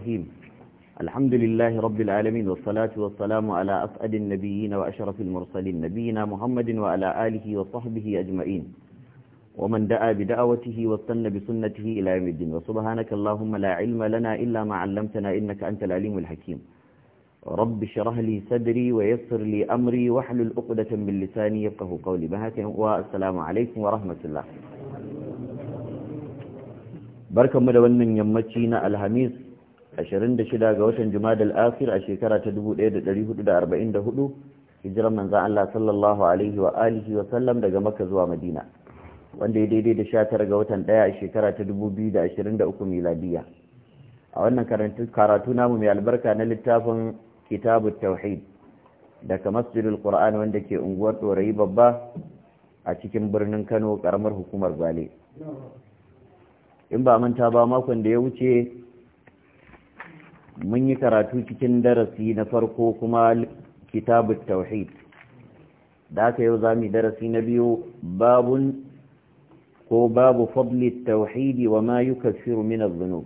الرحيم الحمد لله رب العالمين والصلاة والسلام على أسعد النبيين وأشرف المرسلين نبينا محمد وعلى آله وصحبه أجمعين ومن دعا بدعوته واستنى بسنته إلى يوم الدين وسبحانك اللهم لا علم لنا إلا ما علمتنا إنك أنت العليم الحكيم رب شرح لي صدري ويسر لي أمري واحلل عقدة من لساني يفقه قولي بهاتم والسلام عليكم ورحمة الله barkanmu da wannan yammaci na alhamis 26 ga watan Jumadal Akhir a shekara ta 1444 hijiran manzon Allah sallallahu alaihi wa alihi wa sallam daga Makka zuwa Madina wanda ya daidai da 19 ga watan 1 a shekara ta 2023 miladiya a wannan karatu namu mai albarka na littafin Kitabut Tauhid daga Masjidul Qur'an wanda ke unguwar Dorayi babba a cikin birnin Kano karamar hukumar Bale. in ba manta ba makon da ya wuce mun yi karatu cikin darasi na farko kuma kitabu tauhid da aka yau za mu darasi na biyu babun ko babu fadli tauhidi wa ma yukaffiru min adh-dhunub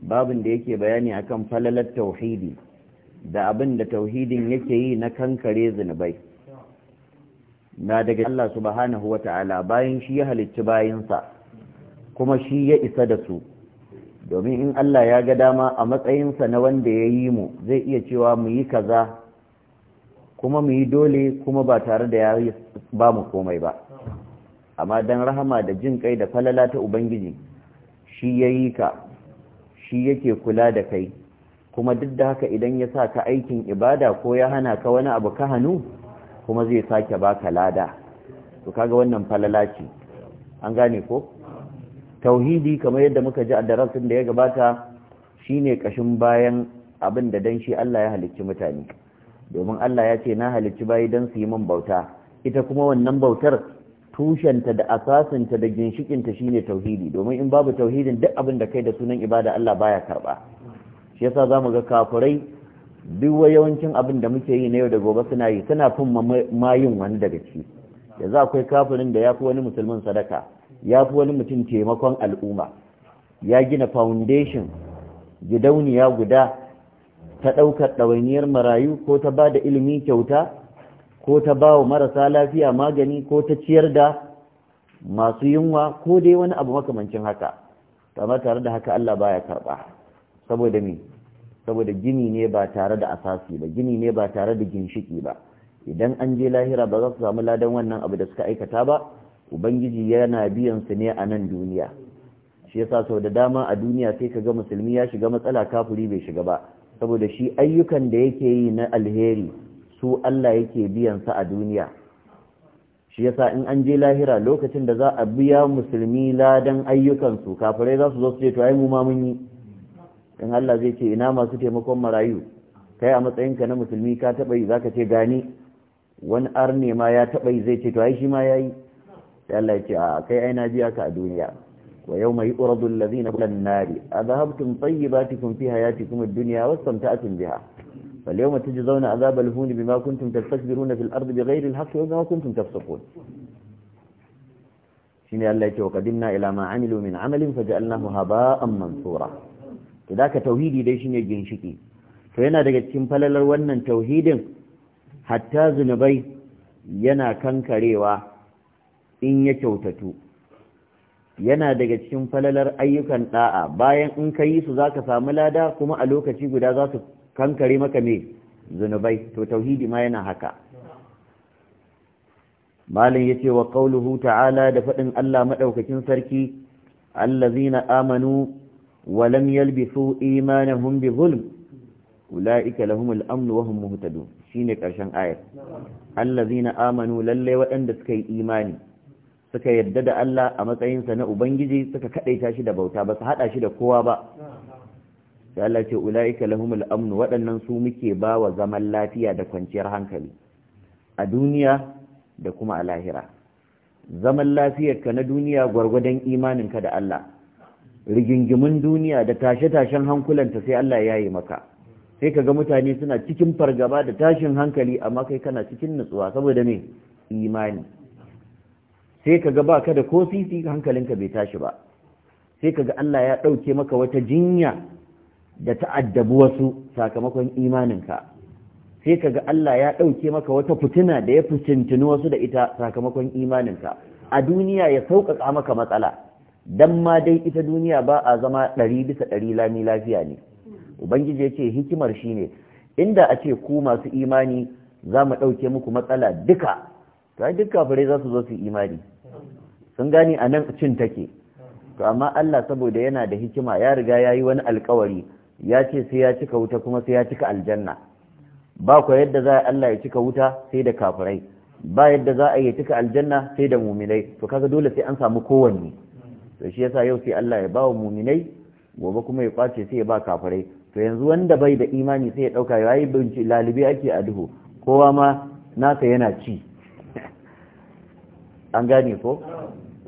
da yake bayani akan falalar tauhidi da abin da tauhidin yake yi na kankare zunubai na daga Allah subhanahu wa ta'ala bayan shi ya halicci bayansa kuma shi ya isa da su domin in Allah ya ga dama a matsayinsa na wanda ya yi mu zai iya cewa mu yi kaza kuma mu yi dole kuma ba tare da ya ba mu komai ba amma don rahama da jin kai da falala ta ubangiji shi ya yi ka shi yake kula da kai kuma duk da haka idan ya sa ka aikin ibada ko ya hana ka wani abu ka hannu kuma zai sake baka lada to kaga wannan falala ce an gane ko tauhidi kamar yadda muka ji a darasin da ya gabata shine kashin bayan abin da dan shi Allah ya halicci mutane domin Allah ya ce na halicci bayi dan su yi min bauta ita kuma wannan bautar tushenta da asasinta da ginshikinta shine tauhidi domin in babu tauhidin duk abin da kai da sunan ibada Allah baya karba shi yasa zamu ga kafurai duk yawancin abin da muke yi na yau da gobe suna yi suna fin ma yin wani daga ciki za akwai kafirin da ya fi wani musulmin sadaka ya fi wani mutum taimakon al'umma ya gina foundation gidauniya guda ta ɗaukar ɗawainiyar marayu ko ta ba da ilimi kyauta ko ta ba wa marasa lafiya magani ko ta ciyar da masu yunwa ko dai wani abu makamancin haka amma tare da haka Allah baya karɓa saboda me saboda gini ne ba tare da asasi ba gini ne ba tare da ginshiki ba idan an je lahira ba za su samu ladan wannan abu da suka aikata ba ubangiji yana biyan su ne a nan duniya shi yasa sau da dama a duniya sai ka ga musulmi ya shiga matsala kafuri bai shiga ba saboda shi ayyukan da yake yi na alheri su Allah yake biyan sa a duniya shi yasa in an je lahira lokacin da za a biya musulmi ladan ayyukan su kafirai za su zo su ce to ai mu ma mun yi in Allah zai ce ina masu taimakon marayu kai a matsayinka na musulmi ka taba yi zaka ce gani wani ne ma ya taɓa yi zai ce to ai shi ma ya yi sai ya ce a kai aina na biya ka a duniya wa yau mai ƙuradun lazina kulan nari a zahabtun tsayi ba ta kun fi hayati kuma duniya wasu samta akin biha bal yau mutu ji zauna a azabal huni bi ma kuntum na fil da bi ghairi al-haqqi wa ma kuntum tafsaqun shine Allah ya ce wa qadimna ila ma amilu min amalin faj'alnahu haba'an mansura to da ka tauhidi dai shi ne ginshiki to yana daga cikin falalar wannan tauhidin hatta zunubai yana kankarewa in ya kyautatu yana daga cikin falalar ayyukan da'a bayan in ka yi su za ka samu lada kuma a lokaci guda za su kankare maka ne zunubai to tauhidi ma yana haka malin ya ce wa ƙauluhu ta'ala da faɗin Allah maɗaukakin sarki allazina amanu wa lam yalbisu imanahum bi zulm ula'ika lahumul amnu wa hum muhtadun shine karshen ayar allazina amanu lalle waɗanda suka yi imani suka yadda da Allah a matsayin sa na ubangiji suka kadaita shi da bauta ba su hada shi da kowa ba sai Allah ce ulaika lahumul amnu waɗannan su muke bawa zaman lafiya da kwanciyar hankali a duniya da kuma a lahira zaman lafiyar ka na duniya gwargwadon imaninka da Allah rigingimin duniya da tashe-tashen hankulanta sai Allah ya yi maka sai ka ga mutane suna cikin fargaba da tashin hankali amma kai kana cikin nutsuwa saboda me imani sai ka ga baka da ko sisi hankalinka bai tashi ba sai ka ga Allah ya ɗauke maka wata jinya da ta'addabu wasu sakamakon imaninka sai ka ga Allah ya ɗauke maka wata fitina da ya fitintini wasu da ita sakamakon imaninka a duniya ya sauƙaƙa maka matsala dan ma dai ita duniya ba a zama ɗari bisa ɗari lami lafiya ne ubangiji ya ce hikimar shine inda a ce ku masu imani za mu ɗauke muku matsala duka ta duka fure za su zo su imani sun gane a nan cin take to amma Allah saboda yana da hikima ya riga ya yi wani alkawari ya ce sai ya cika wuta kuma sai ya cika aljanna ba ku yadda za a Allah ya cika wuta sai da kafirai ba yadda za a yi cika aljanna sai da muminai to kaga dole sai an samu kowanne to shi yasa yau sai Allah ya ba wa muminai gobe kuma ya kwace sai ya ba kafirai to yanzu wanda bai da imani sai ya dauka yayi binci lalibi ake a duhu kowa ma nasa yana ci an gane ko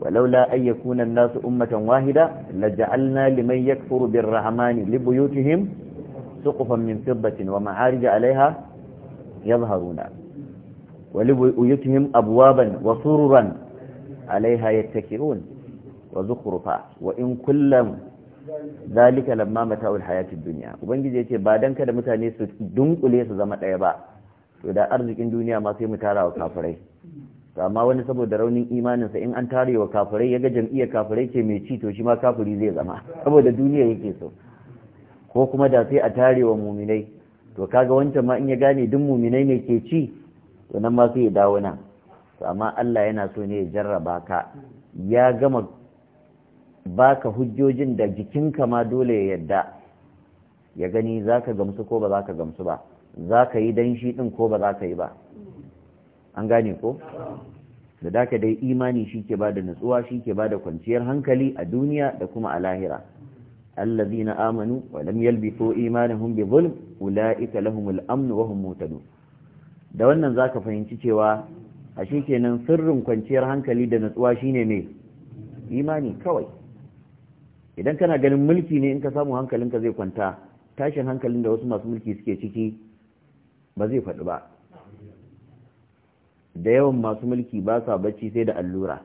walaula ay yakuna an-nasu ummatan wahida laj'alna liman yakfuru bir-rahmani li buyutihim suqufan min fiddatin wa ma'arij 'alayha yadhharuna wa li buyutihim abwaban wa sururan 'alayha yattaki'un wa zukhrufa wa in kullam zalika lamma mata'ul hayatid dunya ubangiji yace ba dan kada mutane su dunkule su zama daya ba to da arzikin duniya ma sai mu tarawa wa kafirai amma wani saboda raunin imaninsa in an tare wa kafirai yaga jam'iyyar kafirai ce mai ci to shi ma kafiri zai zama saboda duniya yake so ko kuma da sai a tare wa muminai to kaga wancan ma in ya gane duk muminai ne ke ci to nan ma sai ya dawo nan amma Allah yana so ne ya jarraba ka ya gama baka hujjojin da jikinka ma dole ya yadda ya gani za ka gamsu ko ba za ka gamsu ba Za ka yi don shi din ko ba za ka yi ba an gane ko da daka dai imani shi ke bada nutsuwa shi ke bada kwanciyar hankali a duniya da kuma a lahira allazina amanu wa to imanin hun bi zulm ulaika lahumul amn wa hum da wannan zaka fahimci cewa ashe kenan sirrin kwanciyar hankali da nutsuwa shine me imani kawai idan kana ganin mulki ne in ka samu hankalinka zai kwanta tashin hankalin da wasu masu mulki suke ciki ba zai faɗi ba da yawan masu mulki ba sa bacci sai da allura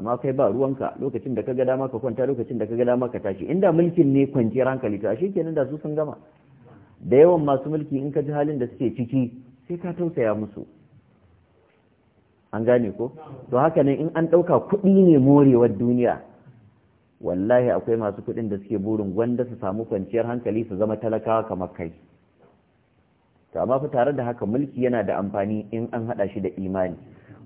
amma kai ba ruwanka lokacin da ka ga dama ka kwanta lokacin da ka ga dama ka tashi inda mulkin ne kwanciyar hankali to ashe kenan da su sun gama da yawan masu mulki in ka ji halin da suke ciki sai ka tausaya musu an gane ko to haka ne in an ɗauka kuɗi ne morewar duniya wallahi akwai masu kuɗin da suke burin gwanda su samu kwanciyar hankali su zama talakawa kamar kai to amma fa tare da haka mulki yana da amfani in an hada shi da imani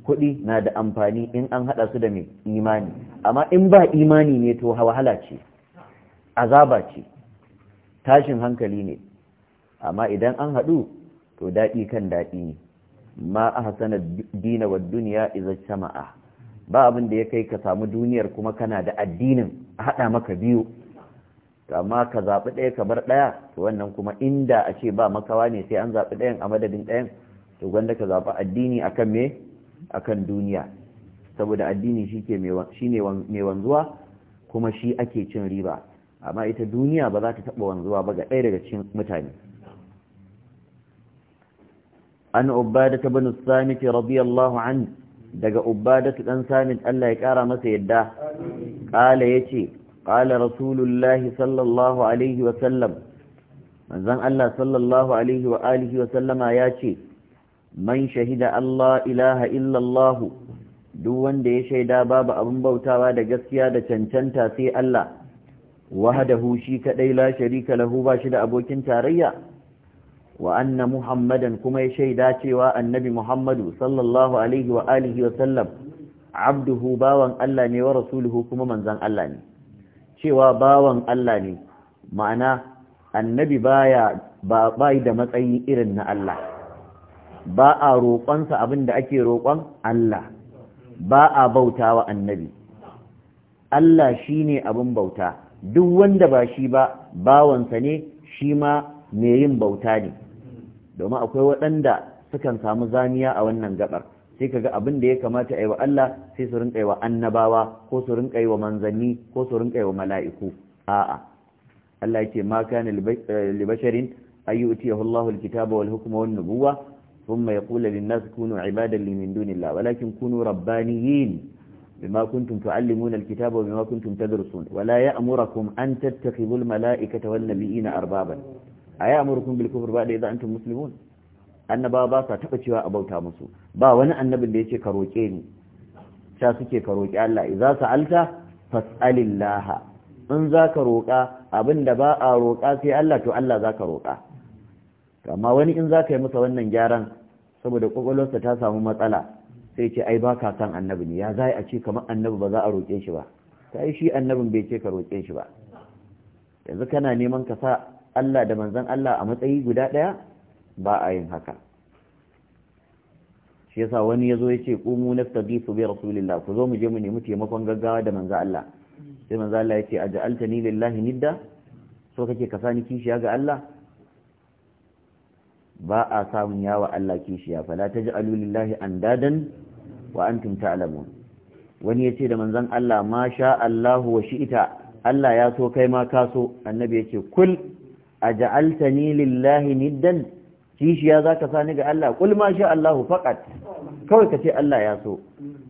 kuɗi na da amfani in an hada su da mai imani amma in ba imani ne to wahala ce azaba ce tashin hankali ne amma idan an haɗu to daɗi kan daɗi ne ma a hasanar dina wa duniya iza sama'a. ba abin da ya kai ka samu duniyar kuma kana da addinin a haɗa maka biyu amma ka zaɓi ɗaya ka bar ɗaya to wannan kuma inda a ce ba makawa ne sai an zaɓi ɗayan a madadin ɗayan to gwanda ka zaɓi addini akan me akan duniya saboda addini shi ne mai wanzuwa kuma shi ake cin riba amma ita duniya ba za ta taɓa wanzuwa ba ga ɗaya daga cikin mutane an ubada ta bin samiti radiyallahu anhu daga ubadatu dan Samin Allah ya kara masa yadda qala yace qala rasulullahi sallallahu alaihi wa sallam manzon Allah sallallahu alaihi wa alihi wa sallama yace man shahida Allah ilaha illa Allah duk wanda ya shaida babu abin bautawa da gaskiya da cancanta sai Allah wahadahu shi kadai la sharika lahu ba shi da abokin tarayya wa anna muhammadan kuma ya shaida cewa annabi muhammadu sallallahu alaihi wa alihi wa sallam abduhu bawan Allah ne wa rasuluhu kuma manzan Allah ne cewa bawan Allah ne ma'ana annabi baya ba bai da matsayi irin na Allah ba a roƙonsa abin da ake roƙon Allah ba a bauta wa annabi Allah shine abin bauta duk wanda ba shi ba bawansa ne shi ma mai yin bauta ne domin akwai waɗanda sukan samu zaniya a wannan gabar sai kaga abin da ya kamata ayi wa Allah sai su rinka yi wa annabawa ko su rinka yi wa manzanni ko su rinka yi wa mala'iku a'a Allah yake ma kana li eh, basharin ayyutiyahu Allahu al-kitaba wal hukma wan nubuwa thumma yaqulu lin nas kunu ibadan li min dunillah walakin kunu rabbaniyin بما كنتم تعلمون الكتاب وبما كنتم تدرسون ولا يأمركم أن تتخذوا الملائكة والنبيين arbaban? a yi amurkun bilkufur ba da ya za'antun musulmun annaba ba sa taɓa cewa a bauta musu ba wani annabin da ya ce ka roƙe ni sha suke ka roƙi Allah idza sa'alta fas'alillah in za ka roƙa abin da ba a roƙa sai Allah to Allah za ka roƙa amma wani in za ka yi masa wannan gyaran saboda kwakwalwarsa ta samu matsala sai ce ai baka ka san annabi ne ya za a ce kamar annabi ba za a roƙe shi ba ta yi shi annabin bai ce ka roƙe shi ba yanzu kana neman ka sa Allah da manzan Allah a matsayi guda ɗaya ba a yin haka shi yasa wani ya zo ya ce ƙumu na stabi su bai rasulillah ku zo mu je mu nemi taimakon gaggawa da manzan Allah sai manzan Allah ya ce a ja'alta ni lillahi nidda so kake ka sani kishiya ga Allah ba a samun yawa Allah kishiya fala taj'alu lillahi andadan wa antum ta'lamun wani yace da manzan Allah masha sha Allahu wa shi'ita Allah ya so kai ma ka so annabi yake kul aja'altani lillahi niddan kishiya za ka sani ga Allah kul shi sha Allahu faqat kawai ka ce Allah ya so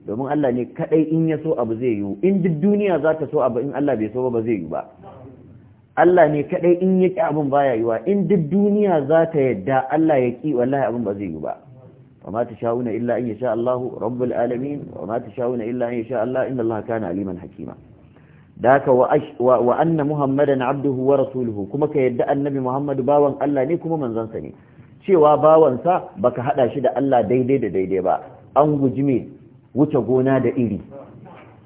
domin Allah ne kadai in ya so abu zai yi in duk duniya za ta so abu in Allah bai so ba zai yi ba Allah ne kadai in ya ki abin baya yiwa in duk duniya za ta yadda Allah ya ki wallahi abin ba zai yi ba illa ya sha إلا أن alamin. الله رب العالمين وما تشاؤون إلا أن يشاء الله إن الله كان aliman hakima. da haka wa anna muhammadan abduhu wa rasuluhu kuma ka yadda annabi muhammadu bawan Allah ne kuma manzansa ne cewa bawansa baka hada shi da Allah daidai da daidai ba an guji me wuce gona da iri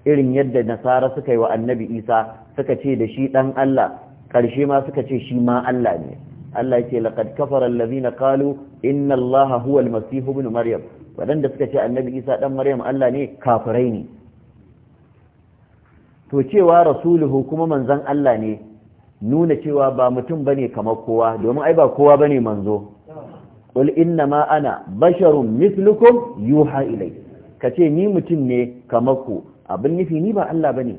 irin yadda nasara suka yi wa annabi isa suka ce da shi dan Allah karshe ma suka ce shi ma Allah ne Allah yake laqad kafara allazina qalu inna allaha huwa almasih ibn maryam wadanda suka ce annabi isa dan maryam Allah ne kafirai ne to cewa rasuluhu kuma manzan Allah ne nuna cewa ba mutum bane kamar kowa domin ai ba kowa bane manzo qul inna ma ana basharun mithlukum yuha ilai kace ni mutum ne kamar ku abin nufi ni ba Allah bane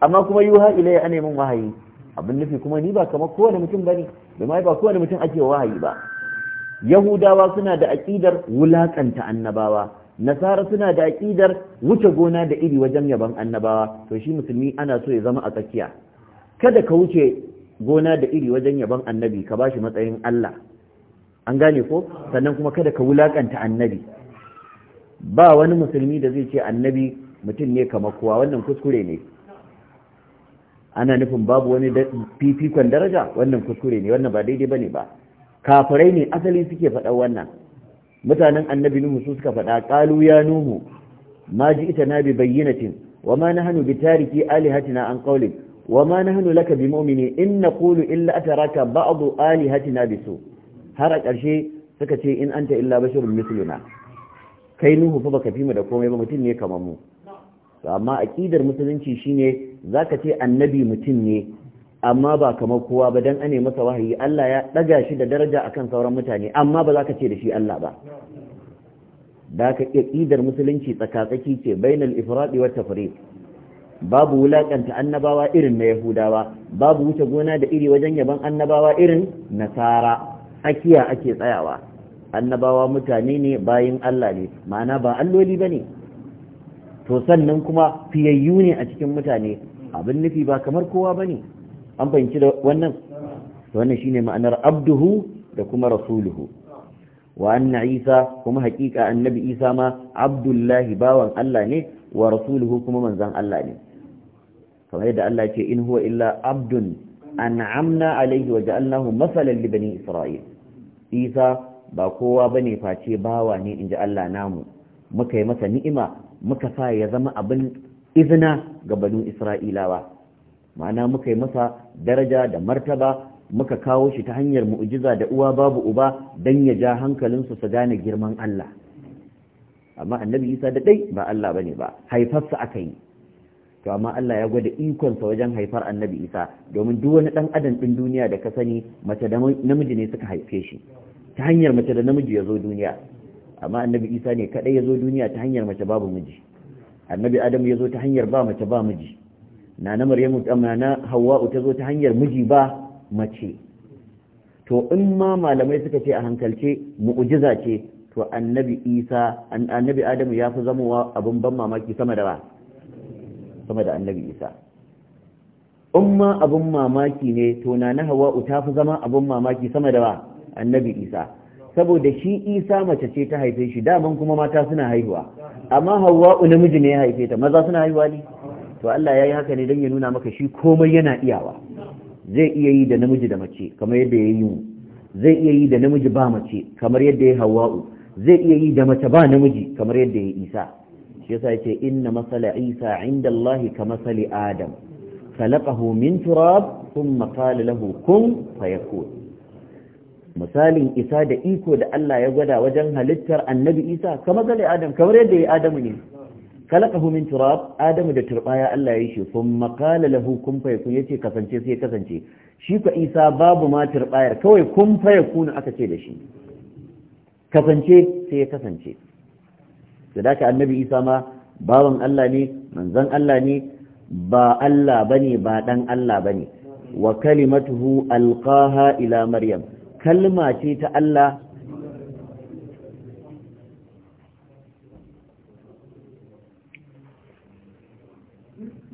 amma kuma yuha ilai ana min wahayi abin nufi kuma ni ba kamar kowane mutum bane domin ai ba kowane mutum ake wahayi ba yahudawa suna da aƙidar wulaƙanta annabawa nasara suna da aƙidar wuce gona da iri wajen yaban annabawa to shi musulmi ana so ya zama a tsakiya kada ka wuce gona da iri wajen yaban annabi ka bashi matsayin Allah an gane ko sannan kuma kada ka wulakanta annabi ba wani musulmi da zai ce annabi mutum ne kamar kowa wannan kuskure ne ana nufin babu wani fifikon daraja wannan kuskure ne wannan ba daidai bane ba kafirai ne asali suke faɗa wannan mutanen annabi nuhu su suka faɗa ƙalu ya nuhu Maji ji ita na bi bayyinatin wa ma na hannu Bitariki, tariki alihatina an ƙaulin wa na hannu laka bi mu'mini in na kulu illa a taraka ba'adu alihatina bi su har a ƙarshe suka ce in anta illa bashirun misluna kai nuhu fa baka fi mu da komai ba mutum ne kamar mu amma aƙidar musulunci shine zaka ce annabi mutum ne amma ba kamar kowa ba dan ane masa wahayi Allah ya ɗaga shi da daraja akan sauran mutane amma ba za ka ce da shi Allah ba da ka ƙidar musulunci tsakatsaki ce bainal ifradi wata fure. babu wulaƙanta annabawa irin na yahudawa babu wuce gona da iri wajen yaban annabawa irin nasara akiya ake tsayawa annabawa mutane ne bayin Allah ne ma'ana ba alloli bane to sannan kuma fiyayyu ne a cikin mutane abin nufi ba kamar kowa bane an fahimci da wannan wannan shine ma'anar abduhu da kuma rasuluhu wa anna isa kuma haƙiƙa annabi isa ma abdullahi bawan Allah ne wa rasuluhu kuma manzan Allah ne kamar yadda Allah ce in huwa illa abdun an'amna alaihi wa ja'alnahu masalan li bani isra'il isa ba kowa bane face bawa ne inji Allah namu muka yi masa ni'ima muka sa ya zama abin izina ga banu isra'ilawa ma'ana muka yi masa daraja da martaba muka kawo shi ta hanyar mu'ujiza da uwa babu uba dan ya ja hankalinsu su gane girman Allah amma annabi Isa da dai ba Allah bane ba haifarsa aka yi to amma Allah ya gwada ikonsa wajen haifar annabi Isa domin duk wani dan adam din duniya da ka sani mace da namiji ne suka haife shi ta hanyar mace da namiji ya zo duniya amma annabi Isa ne kadai ya zo duniya ta hanyar mace babu miji annabi Adam ya zo ta hanyar ba mace ba miji na na maryamu um, na hawa'u ta zo ta hanyar miji ba mace to in ma malamai suka ce a hankalce mu'ujiza ce to annabi isa annabi adamu ya fi zama abin ban mamaki sama da ba sama da annabi isa in ma abin mamaki ne to na na hawa'u ta fi zama abin mamaki sama da ba annabi isa saboda shi isa mace ce ta haife shi daman kuma mata suna haihuwa amma hawa'u namiji ne ya haife ta maza suna haihuwa ne to Allah ya yi haka ne don ya nuna maka shi komai yana iyawa zai iya yi da namiji da mace kamar yadda ya yi mu zai iya yi da namiji ba mace kamar yadda ya hawa'u zai iya yi da mace ba namiji kamar yadda ya isa shi yasa yace inna masala isa inda Allah ka masali adam khalaqahu min turab thumma qala lahu kun fayakun misalin isa da iko da Allah ya gwada wajen halittar annabi isa kamar zai adam kamar yadda ya adamu ne khalaqahu min turab adamu da turbaya Allah ya yi shi thumma makala lahu kun fayakun yace kasance sai kasance shi ka isa babu ma turbayar kawai kun fayakun aka ce da shi kasance sai ya kasance sadaka annabi isa ma baban Allah ne manzon Allah ne ba Allah bane ba dan Allah bane wa kalimatuhu alqaha ila maryam kalma ce ta Allah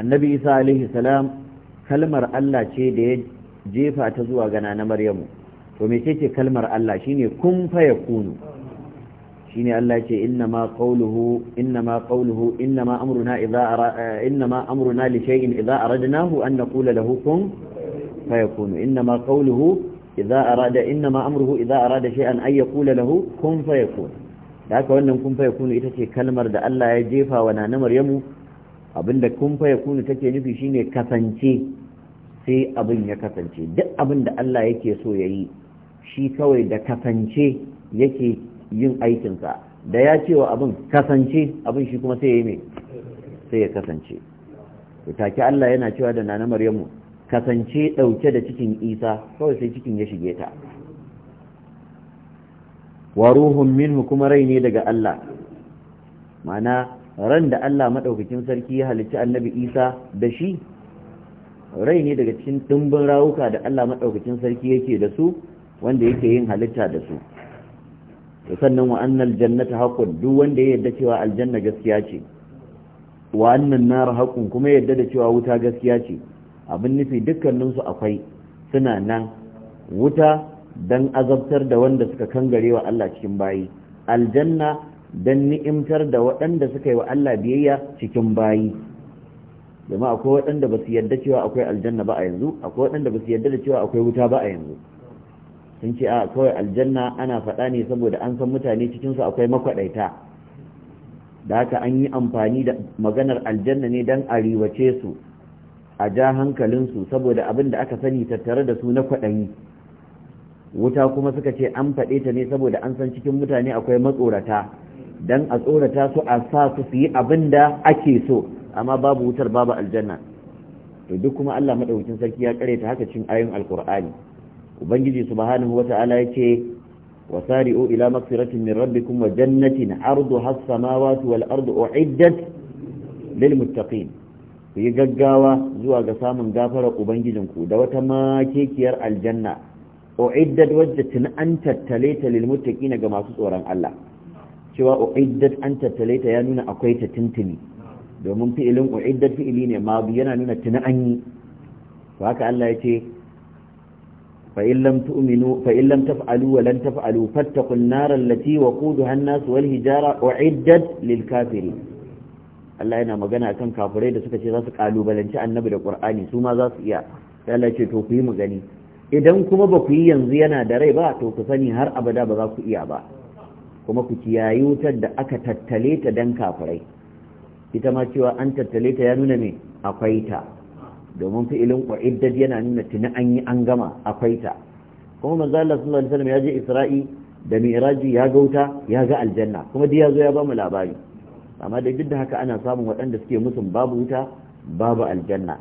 annabi isa alaihi salam kalmar Allah ce da ya jefa ta zuwa gana na maryamu to me ce kalmar Allah shine kun faya kunu? shine Allah ce inna ma qawluhu inna ma amruna idza inna amruna li shay'in idza aradnahu an naqula lahu kun fa idza arada amruhu idza arada shay'an ay yaqula lahu kun fa da haka wannan kun fa ita ce kalmar da Allah ya jefa wa na maryamu Abin da kun fa kunu take nufi shine kasance sai abin ya kasance duk abin da Allah yake so ya yi shi kawai da kasance yake yin aikinsa da ya ce wa abin kasance abin shi kuma sai ya yi mai sai ya kasance take Allah yana cewa da nana Maryamu kasance ɗauke da cikin Isa kawai sai cikin ya shige ta wa ruhun minhu kuma rai ne daga Allah ma'ana ran da Allah maɗaukakin sarki ya halicci annabi isa da shi rai ne daga cikin ɗimbin rawuka da Allah maɗaukakin sarki yake da su wanda yake yin halitta da su to sannan wa annal jannata haqqun duk wanda ya yarda cewa aljanna gaskiya ce wa annan nar haqqun kuma yadda yarda da cewa wuta gaskiya ce abin nufi dukkanin su akwai suna nan wuta dan azabtar da wanda suka kangarewa Allah cikin bayi aljanna don ni'imtar da waɗanda suka yi wa Allah biyayya cikin bayi domin akwai waɗanda ba su yarda cewa akwai aljanna ba a yanzu akwai waɗanda ba su yarda da cewa akwai wuta ba a yanzu sun ce a kawai aljanna ana faɗa ne saboda an san mutane cikinsu akwai makwaɗaita da haka an yi amfani da maganar aljanna ne don a riwace su a ja hankalinsu saboda abin da aka sani tattare da su na kwaɗayi wuta kuma suka ce an faɗe ta ne saboda an san cikin mutane akwai matsorata dan a tsorata su a sa su su yi abin da ake so amma babu wutar babu aljanna to duk kuma Allah madaukakin sarki ya kare ta haka cin ayoyin alkur'ani ubangiji subhanahu wata'ala yace wasari'u ila magfiratin min rabbikum wa jannatin ardu as-samawati wal ardu u'iddat lil muttaqin ku yi gaggawa zuwa ga samun gafarar ubangijinku da wata makekiyar aljanna u'iddat wajjatin an tattale ta lil muttaqin ga masu tsoron Allah cewa u'iddat an tattale ta ya nuna akwai ta tuntuni domin fi'ilin u'iddat fi'ili ne ma yana nuna tuna an yi to haka Allah ya ce fa in lam tu'minu fa in lam taf'alu wa lan taf'alu fattaqun nar allati waquduha an-nas wal hijara u'iddat lil kafirin Allah yana magana akan kafirai da suka ce za su kalubalanci annabi da Qur'ani su ma za su iya sai Allah ce to ku yi mu gani idan kuma ba ku yi yanzu yana da rai ba to ku sani har abada ba za ku iya ba kuma ku kiyayi wutar da aka tattale ta dan kafirai ita ma cewa an tattale ta ya nuna ne akwai ta domin fi'ilin ƙwa'iddad yana nuna tuni an yi an gama akwai ta kuma manzo Allah sallallahu alaihi wasallam ya je Isra'i da Mi'raji ya ga wuta ya ga aljanna kuma dai ya zo ya ba mu labari amma da duk da haka ana samun waɗanda suke musun babu wuta babu aljanna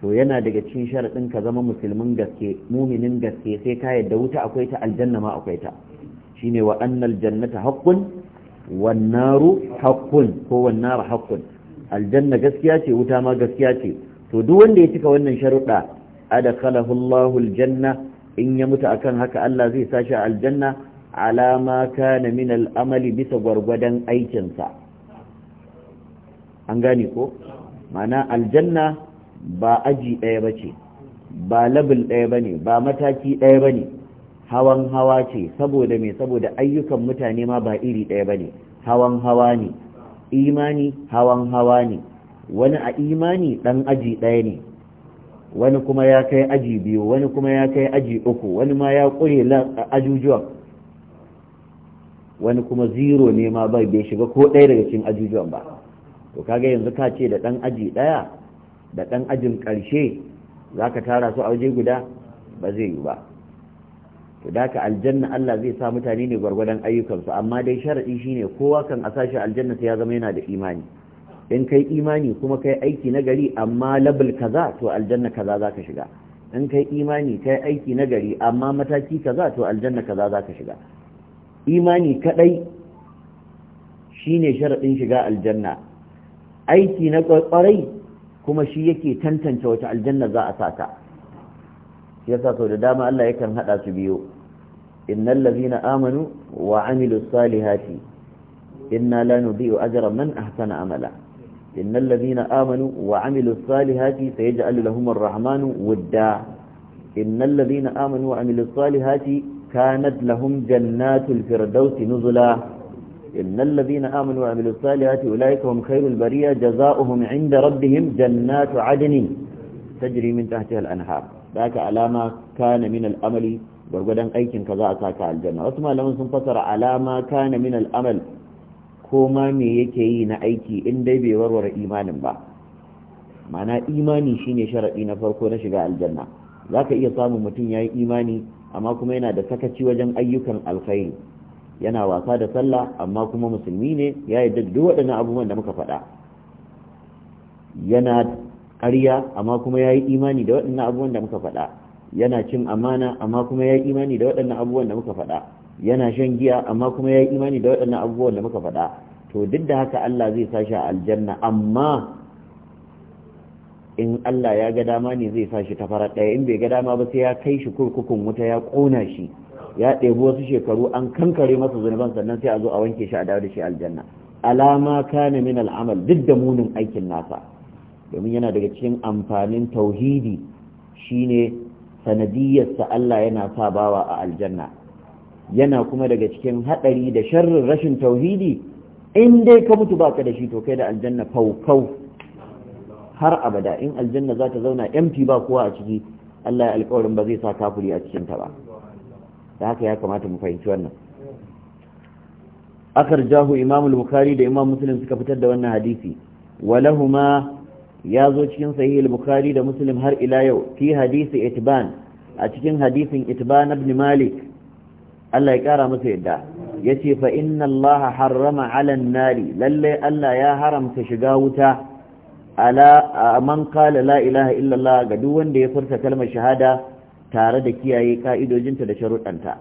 to yana daga cikin sharaɗin ka zama musulmin gaske muminin gaske sai ka yadda wuta akwai ta aljanna ma akwai ta shine wa annal jannata haƙƙun, wan naru ko wan nar aljanna gaskiya ce wuta ma gaskiya ce to duk wanda ya cika wannan sharuɗa adkhalahu Allahu aljanna in ya mutu akan haka Allah zai sashi aljanna ala ma kana min al'amali bisa gwargwadon aikinsa an gane ko Ma'ana aljanna ba aji ɗaya ba ce ba labul ɗaya ba ne ba mataki ɗaya ba ne hawan hawa ce saboda me saboda ayyukan mutane ma ba iri ɗaya bane. hawan hawa ne imani hawan hawa ne wani a imani ɗan aji ɗaya ne wani kuma ya kai aji biyu wani kuma ya kai aji uku wani ma ya ƙure ajujuwan wani kuma zero ne ma bai bai shiga ko ɗaya daga cikin ajujuwan ba to kaga yanzu ka ce da ɗan aji ɗaya da ɗan ajin ƙarshe za ka tara su a waje guda ba zai yi ba to da ka aljanna Allah zai sa mutane ne gwargwadon ayyukansu amma dai sharaɗi shine kowa kan a sashi aljanna sai ya zama yana da imani in kai imani kuma kai aiki na gari amma labul kaza to aljanna kaza za ka shiga in kai imani kai aiki na gari amma mataki kaza to aljanna kaza za ka shiga imani kadai shine sharadin shiga aljanna aiki na kwarai kuma shi yake tantance wata aljanna za a sa ta shi yasa sau da dama Allah yakan hada su biyo innal ladhina amanu wa amilus salihati inna la nudhi'u ajra man ahsana amala innal ladhina amanu wa amilus salihati sayaj'alu lahum ar-rahmanu wudda innal ladhina amanu wa amilus salihati kanat lahum jannatul firdausi nuzula إن الذين آمنوا وعملوا الصالحات أولئك هم خير البرية جزاؤهم عند ربهم جنات عدن تجري من تحتها الأنهار da aka alama kana min al'amali gwargwadon aikin ka za a saka aljanna wasu malaman sun fasara alama kana min al'amal ko ma me yake yi na aiki in dai bai warware imanin ba mana imani shine sharadi na farko na shiga aljanna zaka iya samun mutum ya yi imani amma kuma yana da sakaci wajen ayyukan alkhairi yana wasa da sallah amma kuma musulmi ne ya yi duk waɗannan abubuwan da muka faɗa yana ƙarya amma kuma ya yi imani da waɗannan abubuwan da muka faɗa yana cin amana amma kuma ya yi imani da waɗannan abubuwan da muka faɗa yana shan giya amma kuma ya yi imani da waɗannan abubuwan da muka faɗa to duk da haka Allah zai sa shi a aljanna amma in Allah ya ga dama ne zai sa shi ta farar ɗaya in bai ga dama ba sai ya kai shi kurkukun wuta ya ƙona shi ya ɗebi wasu shekaru an kankare masa zunuban sannan sai a zo a wanke shi a dawo da shi aljanna alama kana min al'amal duk da munin aikin nasa domin yana daga cikin amfanin tauhidi shine sanadiyarsa Allah yana sa bawa a aljanna yana kuma daga cikin haɗari da sharrin rashin tauhidi in dai ka mutu baka da shi to kai da aljanna faukau har abada in aljanna za ta zauna empty ba kowa a ciki Allah ya alƙawarin ba zai sa kafiri a cikinta ba da haka ya kamata mu fahimci wannan akar jahu imam al-bukhari da imam muslim suka fitar da wannan hadisi walahuma ya zo cikin sahih bukhari da muslim har ila yau fi hadisi itban a cikin hadisin itban ibn malik Allah ya kara masa yadda yace fa inna Allah harrama 'ala an-nari lalle Allah ya haramta shiga wuta ala man qala la ilaha illa Allah ga duk wanda ya furta kalmar shahada tare da kiyaye ka'idojinta da sharuɗanta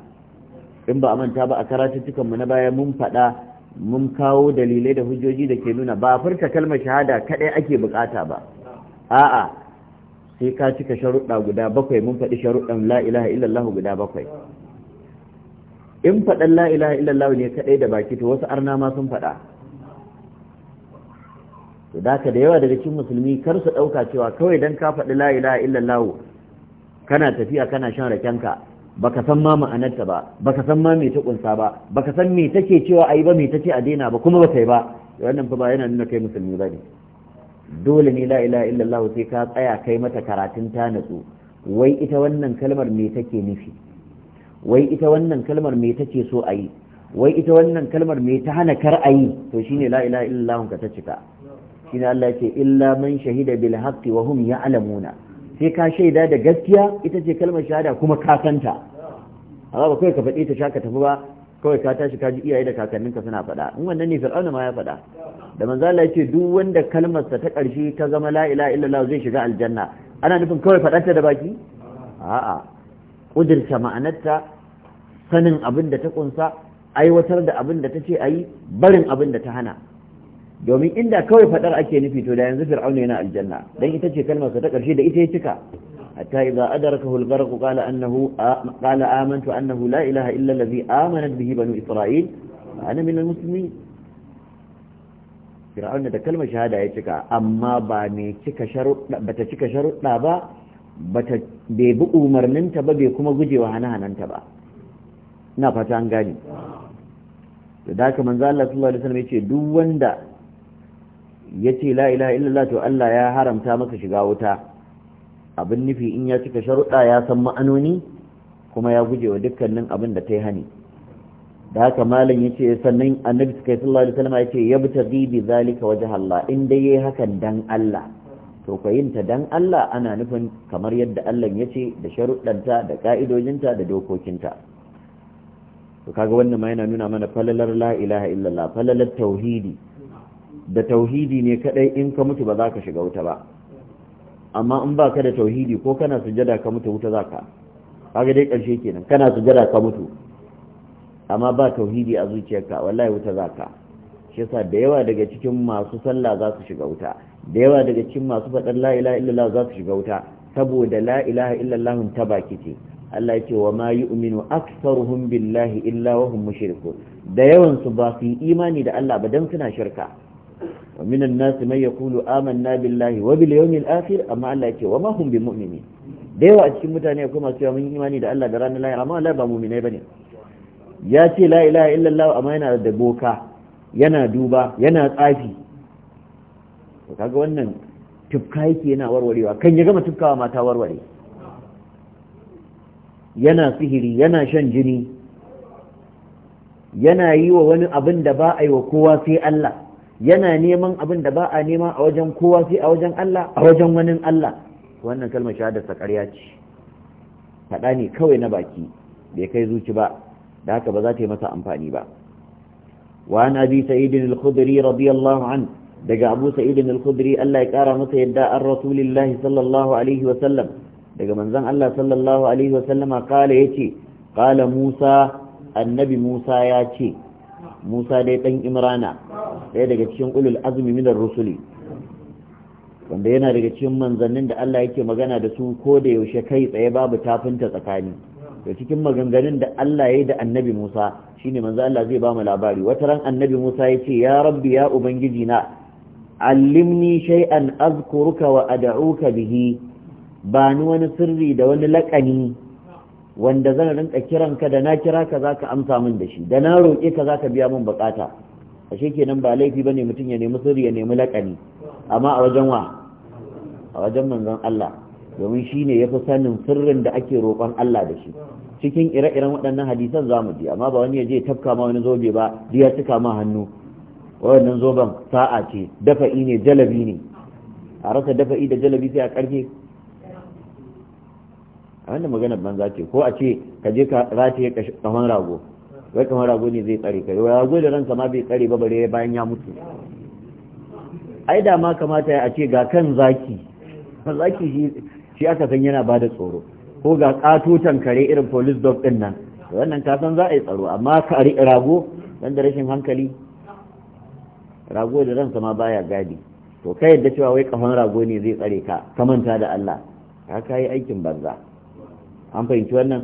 in ba a manta ba a mu na baya mun faɗa mun kawo dalilai da hujjoji da ke nuna ba furta kalmar shahada kadai ake bukata ba a'a sai ka cika sharuɗa guda bakwai mun faɗi sharuɗan la ilaha illallah guda bakwai in faɗan la ilaha illallah ne kadai da baki to wasu arna ma sun faɗa to daka da yawa daga cikin musulmi kar su ɗauka cewa kawai dan ka faɗi la ilaha illallah kana tafiya kana shan rakenka baka san ma ma'anarta ba baka san ma mai ta kunsa ba baka san me take cewa ayi ba me tace a daina ba kuma baka yi ba wannan fa ba yana nuna kai musulmi ba ne dole ne la ilaha illallah sai ka tsaya kai mata karatun ta natsu wai ita wannan kalmar me take nufi wai ita wannan kalmar me take so ayi wai ita wannan kalmar me ta hana kar ayi to shine la ilaha illallah ka ta cika shine Allah ce illa man shahida bil haqqi wa hum ya'lamuna sai ka shaida da gaskiya ita ce kalmar shahada kuma ka santa amma ba kawai ka faɗi ta shaka tafi ba kawai ka tashi ka ji iyaye da kakannin ka suna faɗa in wannan ne fir'auna ma ya faɗa da manzo Allah ya ce duk wanda kalmarsa ta karshe ta zama la ilaha illallah zai shiga aljanna ana nufin kawai ta da baki a'a kudirta ma'anarta sanin abin da ta kunsa aiwatar da abin da ta ce a barin abin da ta hana domin inda kawai fadar ake nufi to da yanzu fir'auna yana aljanna dan ita ce kalmar sa ta karshe da ita ya cika hatta idza adrakahu al-gharq qala annahu qala amantu annahu la ilaha illa allazi amanat bihi banu isra'il ana min al fir'auna da kalmar shahada ya cika amma ba cika sharuɗa bata cika sharuɗa ba bata bai bi umarninta ba bai kuma gujewa hana-hananta ba ina fata an gane da haka manzo Allah sallallahu alaihi wasallam yace duk wanda ya ce la ilaha illallah to Allah ya haramta masa shiga wuta abin nufi in ya cika sharuɗa ya san ma'anoni kuma ya guje wa dukkanin abin da ta yi hani da haka malam ya ce sannan annabi suka yi sallallahu alaihi wasallam ya ce ya buta bi zalika waje Allah in dai yayi hakan dan Allah to ka yin ta dan Allah ana nufin kamar yadda Allah ya ce da sharuɗanta da ka'idojinta da dokokinta to kaga wannan ma yana nuna mana falalar la ilaha illallah falalar tauhidi da tauhidi ne kadai in ka mutu ba za ka shiga wuta ba amma in ba ka da tauhidi ko kana sujada ka mutu wuta za ka kaga dai ƙarshe kenan kana sujada ka mutu amma ba tauhidi a zuciyarka wallahi wuta za ka shi yasa da yawa daga cikin masu sallah za su shiga wuta da yawa daga cikin masu faɗar la ilaha illallah za su shiga wuta saboda la ilaha illallah ta baki ce Allah ya ce wa ma yu'minu aktsaruhum billahi illa wa hum mushrikun da yawan su ba su imani da Allah ba dan suna shirka wa minan nasi man yaqulu amanna billahi wa bil yawmil akhir amma Allah yake wa ma hum bi mu'minin da yawa a cikin mutane akwai masu cewa imani da Allah da ranar lahira amma Allah ba mu'minai bane ya ce la ilaha illallah amma yana da boka yana duba yana tsafi to kaga wannan tufka yake yana warwarewa kan ya gama tufkawa mata warware yana sihiri yana shan jini yana yi wa wani abin da ba a yi wa kowa sai Allah yana neman abin da ba a nema a wajen kowa sai a wajen Allah a wajen wani Allah wannan kalmar shahada ta ƙarya ce faɗa ne kawai na baki bai kai zuci ba da haka ba za ta yi masa amfani ba wa an abi sa'idin al-khudri radiyallahu an daga abu sa'idin al-khudri Allah ya kara masa yadda an rasulillahi sallallahu alaihi wa sallam daga manzon Allah sallallahu alaihi wa sallama kala yace kala Musa annabi Musa ya ce Musa dai dan Imrana ɗaya daga cikin ulul azumi minar rusuli wanda yana daga cikin manzannin da Allah yake magana da su ko da yaushe kai tsaye babu tafinta tsakani da cikin maganganun da Allah ya yi da annabi Musa shine manzo Allah zai ba mu labari wata ran annabi Musa ya ce ya rabbi ya ubangiji na allimni shay'an azkuruka wa ad'uka bihi ba ni wani sirri da wani lakani wanda zan rinka kiranka da na kira ka zaka amsa min da shi da na roƙe ka zaka biya min bukata ashe kenan ba laifi bane mutum ya nemi sirri ya nemi lakani amma a wajen wa a wajen manzon Allah domin shine yafi sanin sirrin da ake roƙon Allah da shi cikin ire-iren waɗannan hadisan za mu ji amma ba wani ya je tafka ma wani zobe ba duk ya cika ma hannu wannan zoben sa'a ce dafa'i ne jalabi ne a rasa dafa'i da jalabi sai a ƙarfe a wannan maganar banza ce ko a ce ka je ka rataye ƙahon rago wai kamar rago ne zai tsare kai rago da ransa ma bai tsare ba bare bayan ya mutu ai da ma kamata ya ce ga kan zaki zaki shi aka san yana ba da tsoro ko ga katotan kare irin police dog din nan wannan ka san za a yi tsaro amma kare rago dan da rashin hankali rago da ransa ma baya gadi to kai yadda cewa wai kafan rago ne zai tsare ka ka manta da Allah ka kai aikin banza an fahimci wannan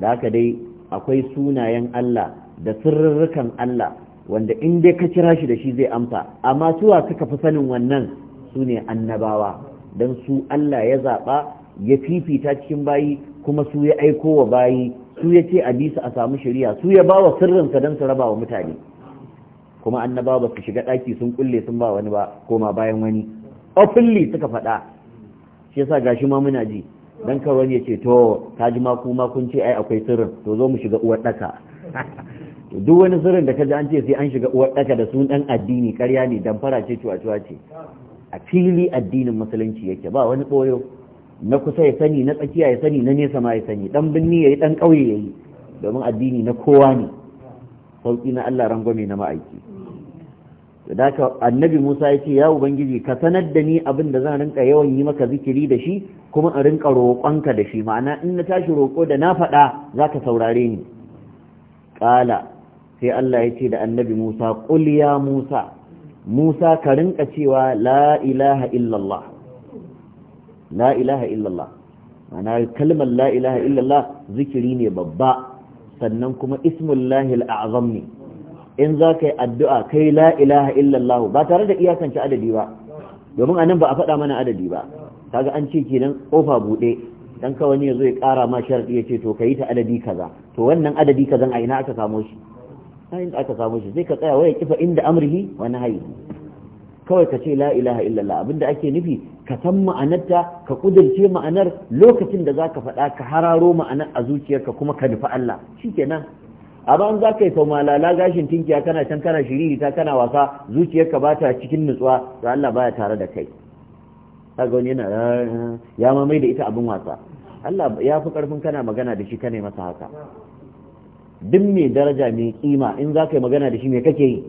da haka dai akwai sunayen Allah da sirrurrukan Allah wanda in dai ka kira shi da shi zai amsa amma suwa suka fi sanin wannan su ne annabawa don su Allah ya zaɓa ya fifita cikin bayi kuma su ya aiko wa bayi su ya ce a bisa a samu shari'a su ya ba wa sirrinsa don su raba wa mutane kuma annabawa ba su shiga ɗaki sun kulle sun ba wani ba koma bayan wani openly suka faɗa shi yasa gashi ma muna ji dan kawai wani ya ce to ka ji ma kuma kun ce ai akwai sirrin to zo mu shiga uwar daka duk wani sirrin da ka ji an ce sai an shiga uwar daka da sun dan addini ƙarya ne damfara ce cuwa ce a fili addinin musulunci yake ba wani ɓoyo na kusa ya sani na tsakiya ya sani na nesa ma ya sani dan binni yayi dan kauye yayi domin addini na kowa ne sauki na Allah rangwame na ma'aiki da ka annabi Musa ya ce ya ubangiji ka sanar da ni abin da zan rinka yawan yi maka zikiri da shi kuma in rinka roƙonka da shi ma'ana in na tashi roƙo da na faɗa za ka saurare ni ƙala sai Allah ya ce da annabi Musa ƙul ya Musa Musa ka rinka cewa la ilaha illallah la ilaha illallah ma'ana kalmar la ilaha illallah zikiri ne babba sannan kuma ismullahi al'azam ne in za ka yi addu'a kai la ilaha illallah ba tare da iyakance adadi ba domin nan ba a faɗa mana adadi ba kaga an ce kenan kofa buɗe dan ka wani yazo ya ƙara ma sharadi ya ce to yi ta adadi kaza to wannan adadi kaza a ina aka samo shi a ina aka samo shi sai ka tsaya waya kifa inda amrihi wani nahyi kawai ka ce la ilaha illallah abinda ake nufi ka san ma'anarta ka kudirce ma'anar lokacin da zaka faɗa ka hararo ma'anar a zuciyarka kuma ka nufi Allah shikenan amma an za ka yi saumalala gashin tinkiya kana can kana ta kana wasa zuciyarka ba ta cikin nutsuwa to Allah baya tare da kai kaga wani yana ah, ah, ya mamai da ita abin wasa Allah ya fi karfin kana magana da shi kane masa haka duk mai daraja mai kima in za ka yi magana da shi mai kake yi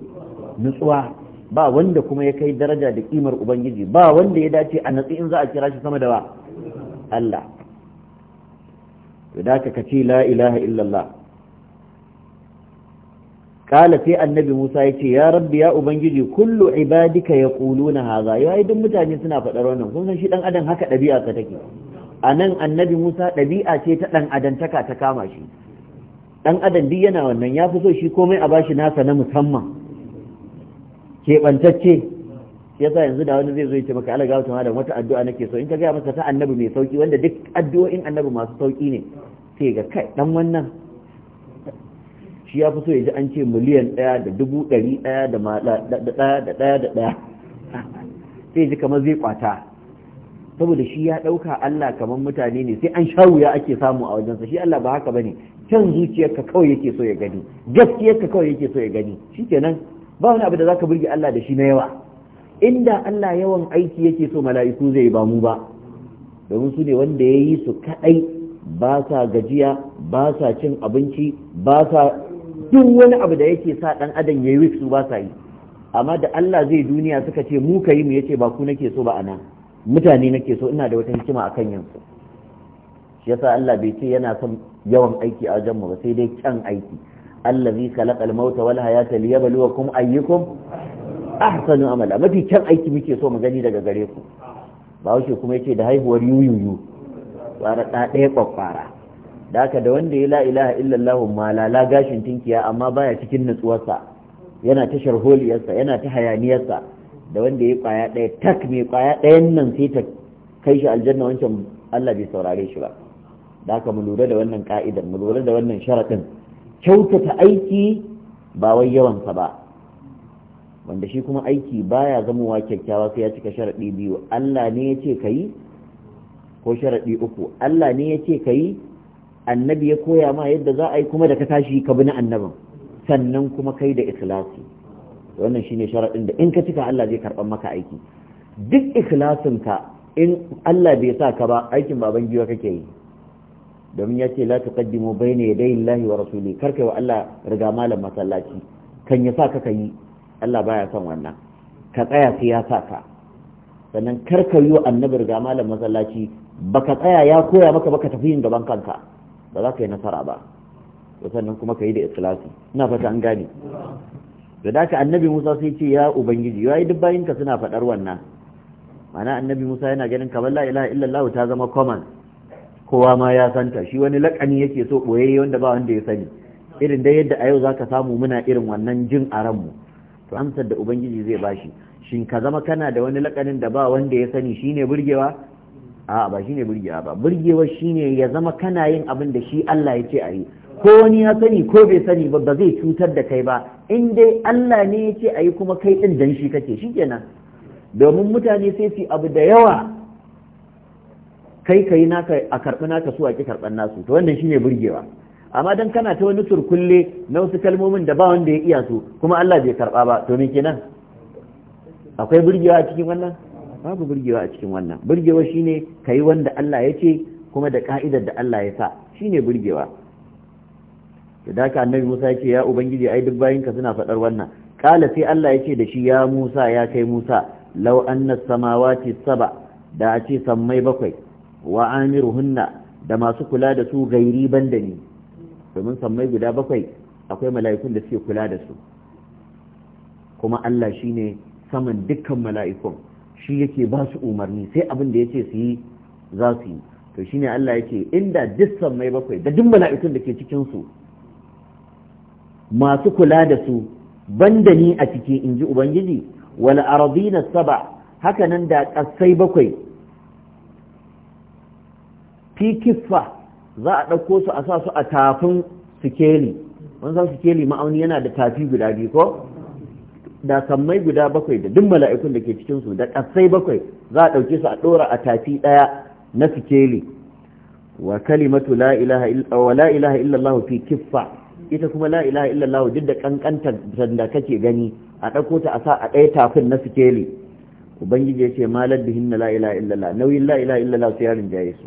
nutsuwa ba wanda kuma ya kai daraja da kimar ubangiji ba wanda ya dace a natsi in za a kira shi sama da ba Allah to da ka ce la ilaha illallah kala sai annabi musa ya ce ya rabbi ya ubangiji kullu ibadika ya na haza ya yi duk mutane suna faɗar wannan kun san shi ɗan adam haka ɗabi'a ka take a nan annabi musa ɗabi'a ce ta ɗan adantaka ta kama shi ɗan adam duk yana wannan ya fi so shi komai a bashi nasa na musamman keɓantacce ya yasa yanzu da wani zai zo ya ce maka alaga wata malam wata addu'a nake so in ka gaya masa ta annabi mai sauki wanda duk addu'o'in annabi masu sauki ne sai ga kai dan wannan shi ya fi so ya ji an ce miliyan ɗaya da dubu ɗari ɗaya da ɗaya da ɗaya da ɗaya sai ji kamar zai kwata saboda shi ya ɗauka Allah kamar mutane ne sai an sha wuya ake samu a wajensa shi Allah ba haka bane can zuciyarka kawai yake so ya gani gaskiyarka kawai yake so ya gani shi kenan ba wani abu da zaka burge Allah da shi na yawa inda Allah yawan aiki yake so mala'iku zai ba mu ba domin su ne wanda ya yi su kaɗai ba sa gajiya ba sa cin abinci ba sa duk wani abu da yake sa dan adam yayi wif su ba sa yi amma da Allah zai duniya suka ce mu kai mu yace ba ku nake so ba anan mutane nake so ina da wata hikima akan yansu shi yasa Allah bai ce yana son yawan aiki a wajen mu ba sai dai kyan aiki allazi khalaqal mauta wal hayata liyabluwakum ayyukum ahsanu amala mafi kyan aiki muke so mu gani daga gare ku ba wuce kuma yace da haihuwar yuyuyu Ba da ɗaya kwakwara da haka da wanda ya la ilaha illallah ma lala gashin tinkiya amma baya cikin nutsuwarsa yana ta sharholiyarsa yana ta hayaniyarsa da wanda ya kwaya ɗaya tak mai kwaya ɗayan nan sai ta kai shi aljanna wancan Allah bai saurare shi ba da haka mu lura da wannan ka'idar mu lura da wannan sharaɗin kyautata aiki ba wai yawansa ba wanda shi kuma aiki baya zamowa kyakkyawa sai ya cika sharaɗi biyu Allah ne ya ce ka yi ko sharaɗi uku Allah ne ya ce ka yi annabi ya koya ma yadda za a yi kuma da ka tashi ka bi na annabin sannan kuma kai da ikhlasi wannan shine sharaɗin da in ka cika Allah zai karɓar maka aiki duk ikhlasin ka in Allah bai sa ka ba aikin baban giwa kake yi domin ya ce la tuqaddimu bayna yaday Allahi wa rasuli karkai wa Allah riga malam masallaci kan ya sa ka kai Allah baya son wannan ka tsaya sai ya sa ka sannan karka yi wa annabi riga malam masallaci baka tsaya ya koya maka baka tafi yin gaban kanka ba za ka yi nasara ba sannan kuma ka yi da islasi ina fata an gane da dace annabi Musa sai ce ya ubangiji yayi duk bayin suna fadar wannan mana annabi Musa yana ganin kamar la ilaha illallah ta zama common kowa ma ya santa shi wani lakani yake so boyayye wanda ba wanda ya sani irin dai yadda a yau zaka samu muna irin wannan jin aran mu to amsar da ubangiji zai bashi shin ka zama kana da wani lakanin da ba wanda ya sani shine burgewa A'a ba shine burgewa ba burgewa shine ya zama kana yin abin da shi Allah ya ce a yi ko wani ya sani ko bai sani ba ba zai cutar da kai ba in dai Allah ne ya ce a yi kuma kai din dan shi kake shikenan domin mutane sai su abu da yawa kai kai naka a karɓi naka su a ki karɓar nasu to wannan shine burgewa amma dan kana ta wani surkulle na wasu kalmomin da ba wanda ya iya su kuma Allah bai karɓa ba to me kenan akwai burgewa a cikin wannan babu burgewa a cikin wannan burgewa shine kai wanda Allah ya ce kuma da ka'idar da Allah ya sa shine burgewa to da ka annabi Musa ya ce ya ubangiji ai duk bayin ka suna faɗar wannan kala sai Allah ya ce da shi ya Musa ya kai Musa law anna samawati saba da a ce sammai bakwai wa amiruhunna da masu kula da su gairi banda ni domin sammai guda bakwai akwai mala'ikun da suke kula da su kuma Allah shine saman dukkan mala'ikun shi yake ba su umarni sai abin da yace su yi za su yi to shine Allah ya ce inda dissan mai bakwai da duk mala'ikun da ke cikin su masu kula da su banda ni a ciki inji ubangiji wal ardina saba hakanan da kasai bakwai fi kiffa za a ɗauko su a sa su a tafin sikeli mun san sikeli ma'auni yana da tafi guda biyu ko da sammai guda bakwai da duk mala'ikun da ke cikin su da kasai bakwai za a ɗauke su a ɗora a tafi ɗaya na sikeli wa kalimatu la ilaha illa illallah fi kiffa ita kuma la ilaha illallah duk da kankantar da kake gani a ɗauko ta a sa a ɗaya tafin na sikeli ubangiji ya ce malar bihin na la ilaha illallah nauyin la ilaha illallah sai yarin jaye su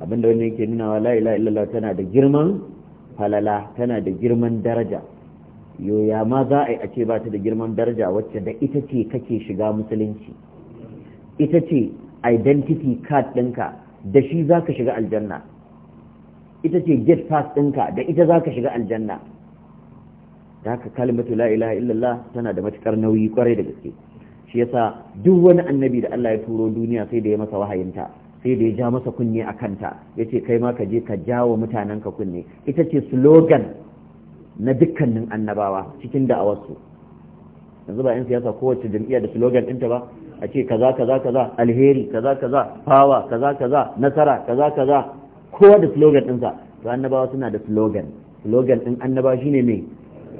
abinda wannan yake wa la ilaha illallah tana da girman falala tana da girman daraja yo ya ma za a yi a ce ba ta da girman daraja wacce da ita ce kake shiga musulunci ita ce identity card ɗinka da shi za ka shiga aljanna ita ce get pass ɗinka da ita za ka shiga aljanna da haka kalmatu la ilaha illallah tana da matukar nauyi kwarai da gaske shi yasa duk wani annabi da Allah ya turo duniya sai da ya masa wahayinta sai da ya ja masa kunne a kanta ya ce kai ma ka je ka jawo mutanenka kunne ita ce slogan na dukkanin annabawa cikin da'awarsu yanzu ba 'yan siyasa kowace jam'iyya da slogan ɗinta ba a ce kaza kaza kaza alheri kaza kaza fawa kaza kaza nasara kaza kaza kowa da slogan ɗinsa to annabawa suna da slogan slogan ɗin annabawa shine mai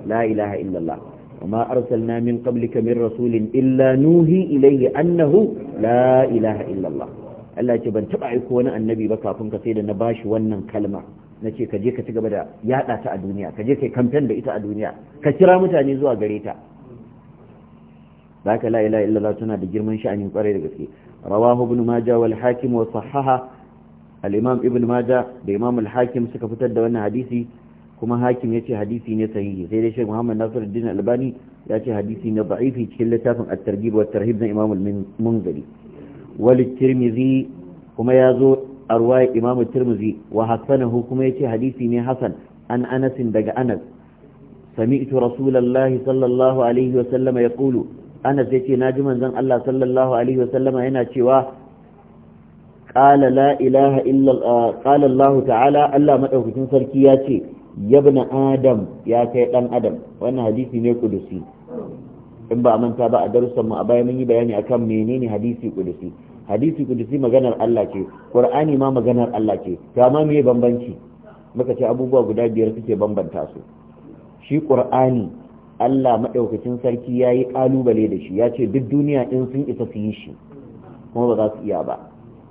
la ilaha illallah وما أرسلنا من قبلك من رسول إلا نوهي إليه أنه لا إله إلا الله Allah ce ban taɓa aiko wani annabi ba kafin ka sai da na bashi wannan kalma na ce ka je ka ci gaba da yaɗa ta a duniya ka je kai kamfen da ita a duniya ka kira mutane zuwa gare ta zaka la ilaha illallah tana da girman sha'ani kwarai da gaske rawahu ibn majah wal hakim wa sahaha al imam ibn majah da imam al hakim suka fitar da wannan hadisi kuma hakim ya ce hadisi ne sahihi sai dai shaykh muhammad nasiruddin albani ce hadisi ne da'ifi cikin littafin at-targhib wa tarhib na imam al munziri wal tirmidhi kuma ya zo. a ruwaya imamu tirmizi wa hassanahu kuma yace hadisi ne hasan an anas daga anas sami'tu rasulullahi sallallahu alaihi wa sallama yaqulu anas yace ji manzan Allah sallallahu alaihi wa sallama yana cewa qala la ilaha illa qala ta'ala Allah madaukakin sarki ya ce yabna adam ya kai dan adam wannan hadisi ne kudusi in ba a manta ba a darussan mu a baya mun yi bayani akan menene hadisi kudusi hadisi kudusi maganar Allah ce qur'ani ma maganar Allah ce to amma me bambanci muka ce abubuwa guda biyar suke bambanta su shi qur'ani Allah madaukakin sarki yayi kalubale da shi ya ce duk duniya in sun isa su yi shi kuma ba za su iya ba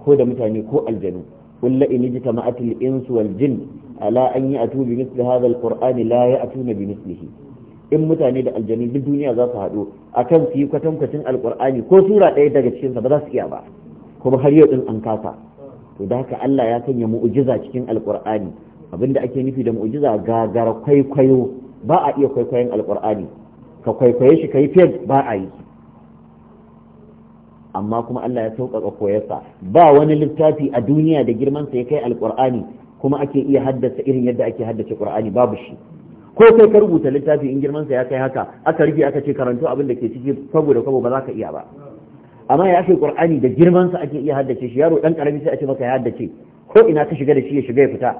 ko da mutane ko aljanu kullu in jitama'at al-insu wal jin ala an ya'tu bi mithli hadha al-qur'ani la ya'tuna bi mithlihi in mutane da aljanu duk duniya za su haɗu akan su yi kwatankwacin alkur'ani ko sura ɗaya daga cikinsa ba za su iya ba kuma har yau din an kasa to da haka Allah ya sanya mu'jiza cikin alqur'ani abinda ake nufi da mu'jiza gagara kwaikwayo ba a iya kwaikwayon alqur'ani ka kwaikwaye shi kai fiye ba a yi amma kuma Allah ya sauƙaƙa koyarsa ba wani littafi a duniya da girman sa ya kai alqur'ani kuma ake iya haddasa irin yadda ake haddace qur'ani babu shi ko kai ka rubuta littafi in girman sa ya kai haka aka rufe aka ce karanto abin da ke ciki saboda kwabo ba za ka iya ba amma ya ake ƙur'ani da girmansa ake iya haddace shi yaro dan karami sai a ce maka ya haddace ko ina ka shiga da shi ya shiga ya fita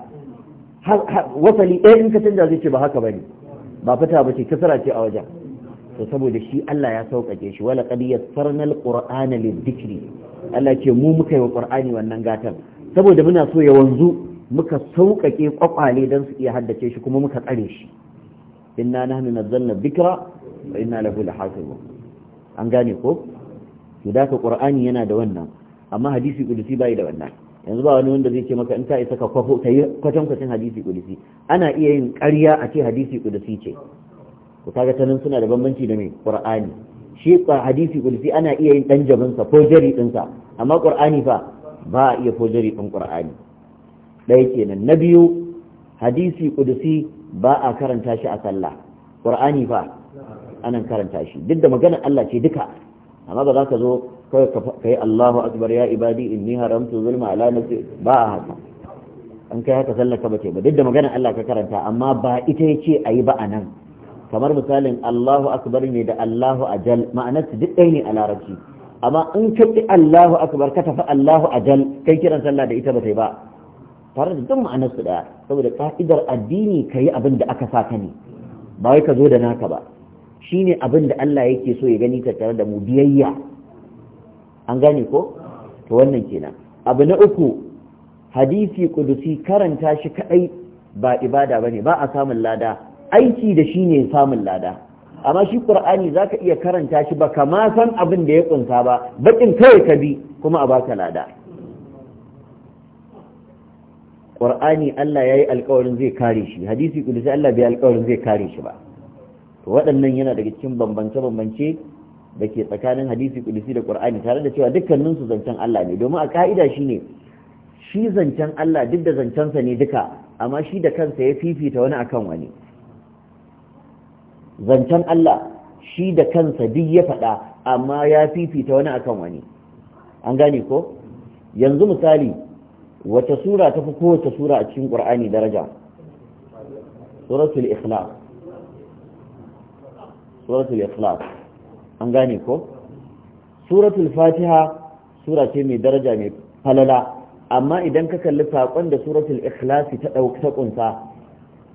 wasali ɗaya in ka canza zai ce ba haka bane ba fita ba ce kasara ce a wajen to saboda shi Allah ya sauƙaƙe shi wala qad yassarna alqur'ana lidhikri Allah ce mu muka yi wa wannan gatan saboda muna so ya wanzu muka sauƙaƙe kwakwale dan su iya haddace shi kuma muka tsare shi inna nahnu nazzalna dhikra wa inna lahu lahafizun an gane ko to da ka qur'ani yana da wannan amma hadisi kudusi bai da wannan yanzu ba wani wanda zai ce maka in ta isa ka kwafo ta yi kwatan hadisi kudusi ana iya yin ƙarya a ce hadisi kudusi ce ku kaga ta nan suna da bambanci da mai qur'ani shi hadisi kudusi ana iya yin dan sa ko jari sa amma qur'ani fa ba a iya ko jari din qur'ani ɗaya kenan na biyu hadisi kudusi ba a karanta shi a sallah qur'ani fa anan karanta shi duk da maganar Allah ce duka amma ba za ka zo kawai ka yi Allahu akbar ya ibadi inni haramtu zulma ala nafsi ba a haka an kai haka sallar ka bace ba duk da magana Allah ka karanta amma ba ita yace ayi ba anan kamar misalin Allahu akbar ne da Allahu ajal ma'anar su duk ɗaya ne a larabci amma in ka Allahu akbar ka tafi Allahu ajal kai kiran sallah da ita ba ta yi ba tare da duk ma'anar su saboda ka'idar addini ka yi abin da aka sa ka ne ba wai ka zo da naka ba shi ne abin da Allah yake so ya gani tattare da mu biyayya an gane ko to wannan kenan abu na uku hadisi kudusi karanta shi kadai ba ibada bane ba a samun lada aiki da shi ne samun lada amma shi qur'ani zaka iya karanta shi ba kama san abin da ya kunsa ba bakin kai ka bi kuma a baka lada Ƙur'ani, Allah yayi alƙawarin zai kare shi hadisi kudusi Allah bai alƙawarin zai kare shi ba to waɗannan yana daga cikin bambance-bambance da ke tsakanin hadisi kudisi da ƙur'ani, tare da cewa dukkanin su zancen Allah ne domin a ka'ida shine shi zancen Allah duk da zancensa ne duka amma shi da kansa ya fifita wani akan wani zancen Allah shi da kansa duk ya faɗa amma ya fifita wani akan wani an gane ko yanzu misali wata sura ta fi kowace sura a cikin ƙur'ani daraja suratul ikhlas suratul ikhlas an gane ko suratul fatiha sura ce mai daraja mai falala amma idan ka kalli saƙon da suratul ikhlas ta ɗauka kunsa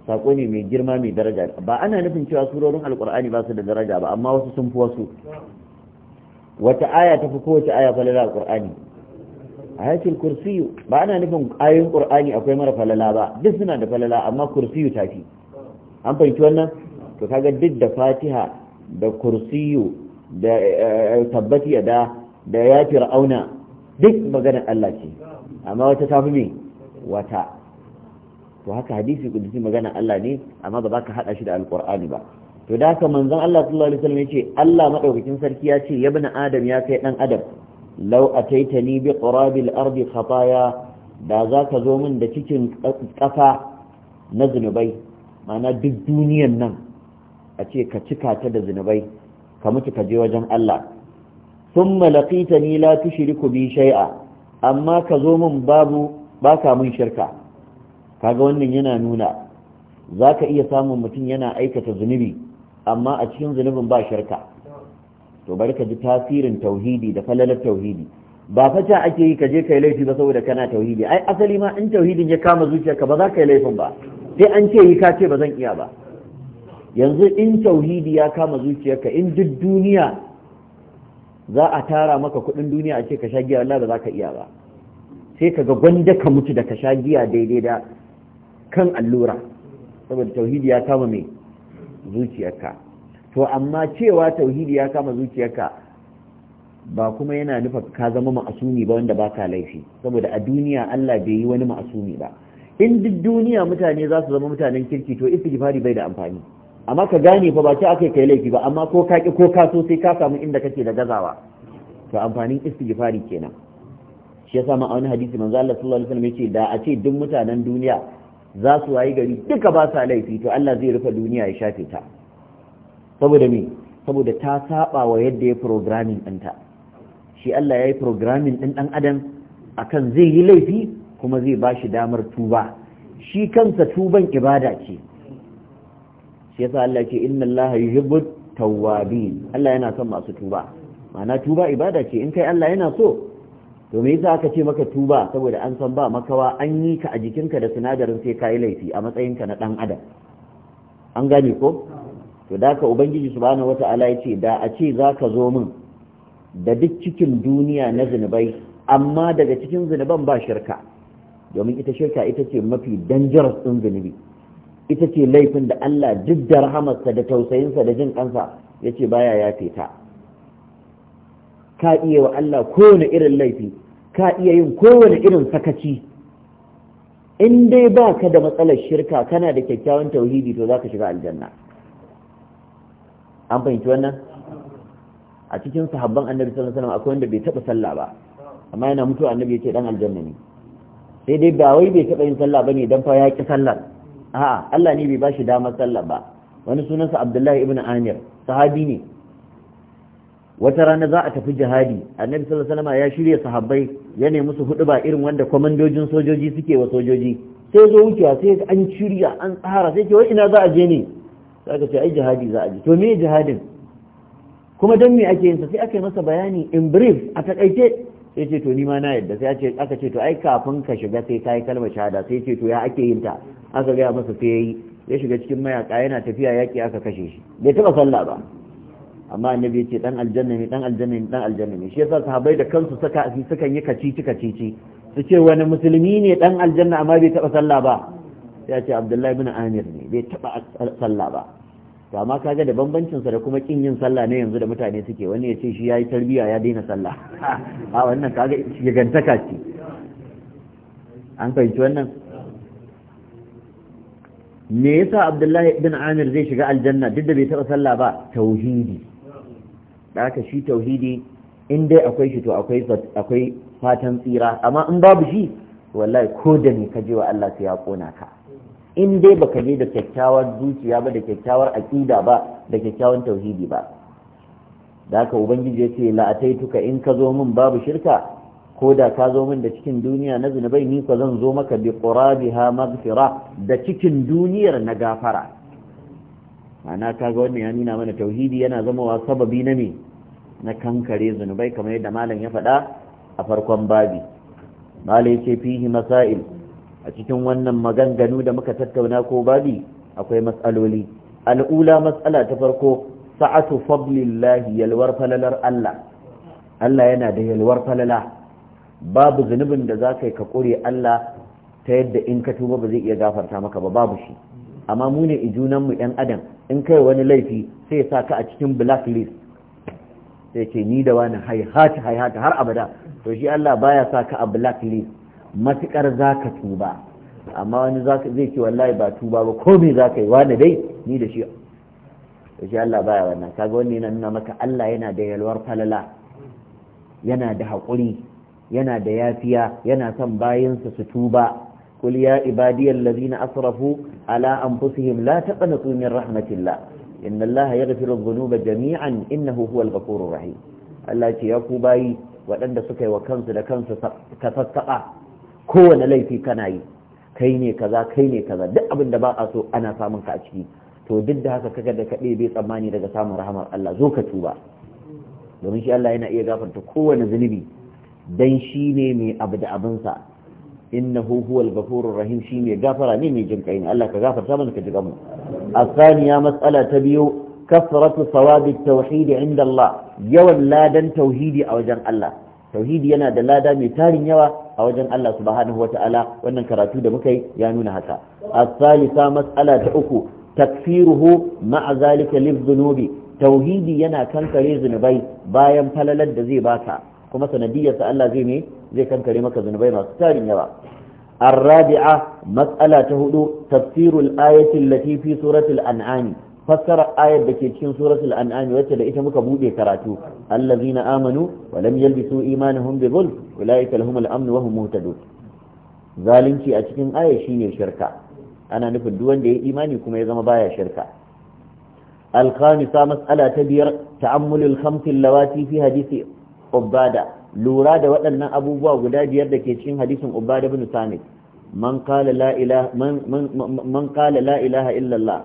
saƙo ne mai girma mai daraja ba ana nufin cewa surorin alƙur'ani ba su da daraja ba amma wasu sun fi wasu wata aya ta fi kowace aya falala alƙur'ani ayatul kursiyu ba ana nufin ayoyin ƙur'ani akwai mara falala ba duk suna da falala amma kursiyu ta fi an fahimci wannan to kaga duk da fatiha da kursiyu da eh, eh, eh, tabbati ya da da ya fir'auna duk maganar Allah ce amma wata tafi me wata to haka hadisi kudusi maganar Allah ne amma ba za ka hada shi da alqur'ani ba to da haka manzon Allah sallallahu alaihi wasallam yace Allah madaukakin sarki ya ce yabna adam ya kai dan adam law ataitani bi qurabil ardi khataya da za ka zo min da cikin kafa na zunubai mana duk duniyan nan a ce ka cika ta da zunubai ka mutu ka je wajen Allah Sun thumma ni la tushriku bi shay'a amma ka zo min babu baka mun shirka kaga wannan yana nuna zaka iya samun mutum yana aikata zunubi amma a cikin zunubin ba shirka to bari ka ji tasirin tauhidi da falalar tauhidi ba fata ake yi ka je kai laifi ba saboda kana tauhidi ai asali ma in tauhidin ya kama zuciyarka ba za ka yi laifin ba sai an ce yi ka ce ba zan iya ba yanzu in tauhidi ya kama zuciyarka in duk duniya za a tara maka kudin duniya a ce ka sha giya Allah ba za ka iya ba sai ka ga gwanda ka mutu da ka sha giya daidai da kan allura saboda tauhidi ya kama mai zuciyarka to amma cewa tauhidi ya kama zuciyarka ba kuma yana nufa ka zama ma'asumi ba wanda baka laifi saboda a duniya Allah bai yi wani ma'asumi ba in duk duniya mutane za su zama mutanen kirki to istighfari bai da amfani amma ka gane fa ba ce ake kai laifi ba amma ko kaki ko ka so sai ka samu inda kake da gazawa to amfanin istighfari kenan shi yasa ma a wani hadisi manzo Allah sallallahu alaihi wasallam yace da a ce duk mutanen duniya za su wayi gari duka ba sa laifi to Allah zai rufe duniya ya shafe ta saboda me saboda ta saba wa yadda ya programming ɗinta shi Allah ya yi programming ɗin ɗan adam akan zai yi laifi kuma zai ba shi damar tuba shi kansa tuban ibada ce shi yasa Allah ce inna Allah yuhibbu tawwabin Allah yana son masu tuba ma'ana tuba ibada ce in kai Allah yana so to me yasa aka ce maka tuba saboda an san ba makawa an yi ka a jikinka da sinadarin sai kai laifi a matsayinka na dan adam an gane ko to da ka ubangiji subhanahu wata'ala ya ce da a ce zaka zo min da duk cikin duniya na zinubai amma daga cikin zinuban ba shirka domin ita shirka ita ce mafi dangerous din zinubi ita ce laifin da Allah duk da rahamarsa da tausayinsa da jin kansa ya ce baya yafe ta ka iya wa Allah kowane irin laifi ka iya yin kowane irin sakaci in dai ba ka da matsalar shirka kana da kyakkyawan tauhidi to za ka shiga aljanna an fahimci wannan a cikin sahabban annabi sallallahu alaihi wasallam akwai wanda bai taɓa sallah ba amma yana mutuwa annabi ya ce dan aljanna ne sai dai ba wai bai taɓa yin sallah bane dan fa ya ki sallah. ha Allah ne bai ba shi damar sallah ba wani sunansa abdullahi ibn amir sahabi ne wata rana za a tafi jihadi annabi sallallahu alaihi ya shirya sahabbai ya nemi su hudu ba irin wanda kwamandojin sojoji suke wa sojoji sai zo wucewa sai an shirya an tsara sai ce wai ina za a je ne sai ka ce ai jihadi za a je to me jihadin kuma dan me ake yin sa sai aka yi masa bayani in brief a takaice sai ce to ni ma na yadda sai aka ce to ai kafin ka shiga sai kai kalmar shahada sai ce to ya ake yin ta aka gaya masa sai yayi ya shiga cikin mayaka yana tafiya yaki aka kashe shi bai taba sallah ba amma annabi ya ce dan aljanna ne dan aljanna ne dan aljanna ne shi yasa sahabbai da kansu saka su sukan yi kacici kacici su ce wani musulmi ne dan aljanna amma bai taba sallah ba ya ce abdullahi bin amir ne bai taba sallah ba to amma kaga da bambancin sa da kuma kin yin sallah ne yanzu da mutane suke wani ya ce shi yayi tarbiya ya daina sallah a wannan kaga gigantaka ce an fahimci wannan me yasa abdullahi ibn amir zai shiga aljanna duk da bai taɓa sallah ba tauhidi da haka shi tauhidi in dai akwai shi to akwai akwai fatan tsira amma in babu shi wallahi ko da me ka je wa Allah sai ya kona ka in dai baka je da kyakkyawar zuciya ba da kyakkyawar aqida ba da kyakkyawan tauhidi ba da haka ubangiji ya ce la'ataituka in ka zo min babu shirka ko da ka zo min da cikin duniya na zunubai ni ko zan zo maka bi qurabiha maghfira da cikin duniyar na gafara ana kaga wannan ya nuna mana tauhidi yana zama wa sababi na me na kankare zunubai kamar yadda malam ya faɗa a farkon babi malai ce fihi masail a cikin wannan maganganu da muka tattauna ko babi akwai matsaloli al'ula matsala ta farko sa'atu fadlillahi yalwar falalar Allah Allah yana da yalwar falala babu zunubin da za ka yi ka ƙure Allah ta yadda in ka tuba ba zai iya gafarta maka ba babu shi amma mu ne ijunan mu ɗan adam in kai wani laifi sai ya sa ka a cikin blacklist sai ce ni da wani haihata haihata har abada to shi Allah baya sa ka a blacklist matukar za ka tuba amma wani zai ce wallahi ba tuba ba ko me za ka yi wani dai ni da shi to shi Allah baya wannan kaga wannan yana nuna maka Allah yana da yalwar falala yana da haƙuri yana da yafiya yana son bayansa su tuba kul ya ibadiyal ladina asrafu ala anfusihim la taqnatu min rahmatillah inna Allah yaghfiru dhunuba jami'an innahu huwal ghafurur rahim Allah ce ya ku bayi waɗanda suka yi wa kansu da kansu tafassaka kowane laifi kana yi kai ne kaza kai ne kaza duk abin da ba a so ana samun ka a ciki to duk da haka kaga da kaɗe bai tsammani daga samun rahamar Allah zo ka tuba domin shi Allah yana iya gafarta kowane zunubi dan shi ne mai abu da abinsa innahu huwal ghafurur rahim shi mai gafara ne mai jinkai ne Allah ka gafarta mana ka ji gamu asaniya matsala ta biyu kasratu sawabit tauhid inda Allah yawan ladan tauhidi a wajen Allah tauhidi yana da lada mai tarin yawa a wajen Allah subhanahu wataala wannan karatu da muka yi ya nuna haka asalisa matsala ta uku takfiruhu ma'a zalika lidh tauhidi yana kankare zunubai bayan falalar da zai baka kuma sanadiyarsa Allah zai ne zai kankare maka zunubai masu tarin yawa الرابعة مسألة هدو تفسير الآية التي في سورة الأنعام فسر آية بكيتشين سورة الأنعام وتلا إيش مكبودي كراتو الذين آمنوا ولم يلبسوا إيمانهم بظلم أولئك لهم الأمن وهم مهتدون ذلك أتكين آية شيني شركة أنا نفد دون دي إيماني كما يزم بايا شركة الخامسة مسألة تبير تعمل الخمس اللواتي في حديث ubada lura da waɗannan abubuwa guda biyar da ke cikin hadisin ubada bin samit man kala la ilaha man qala illallah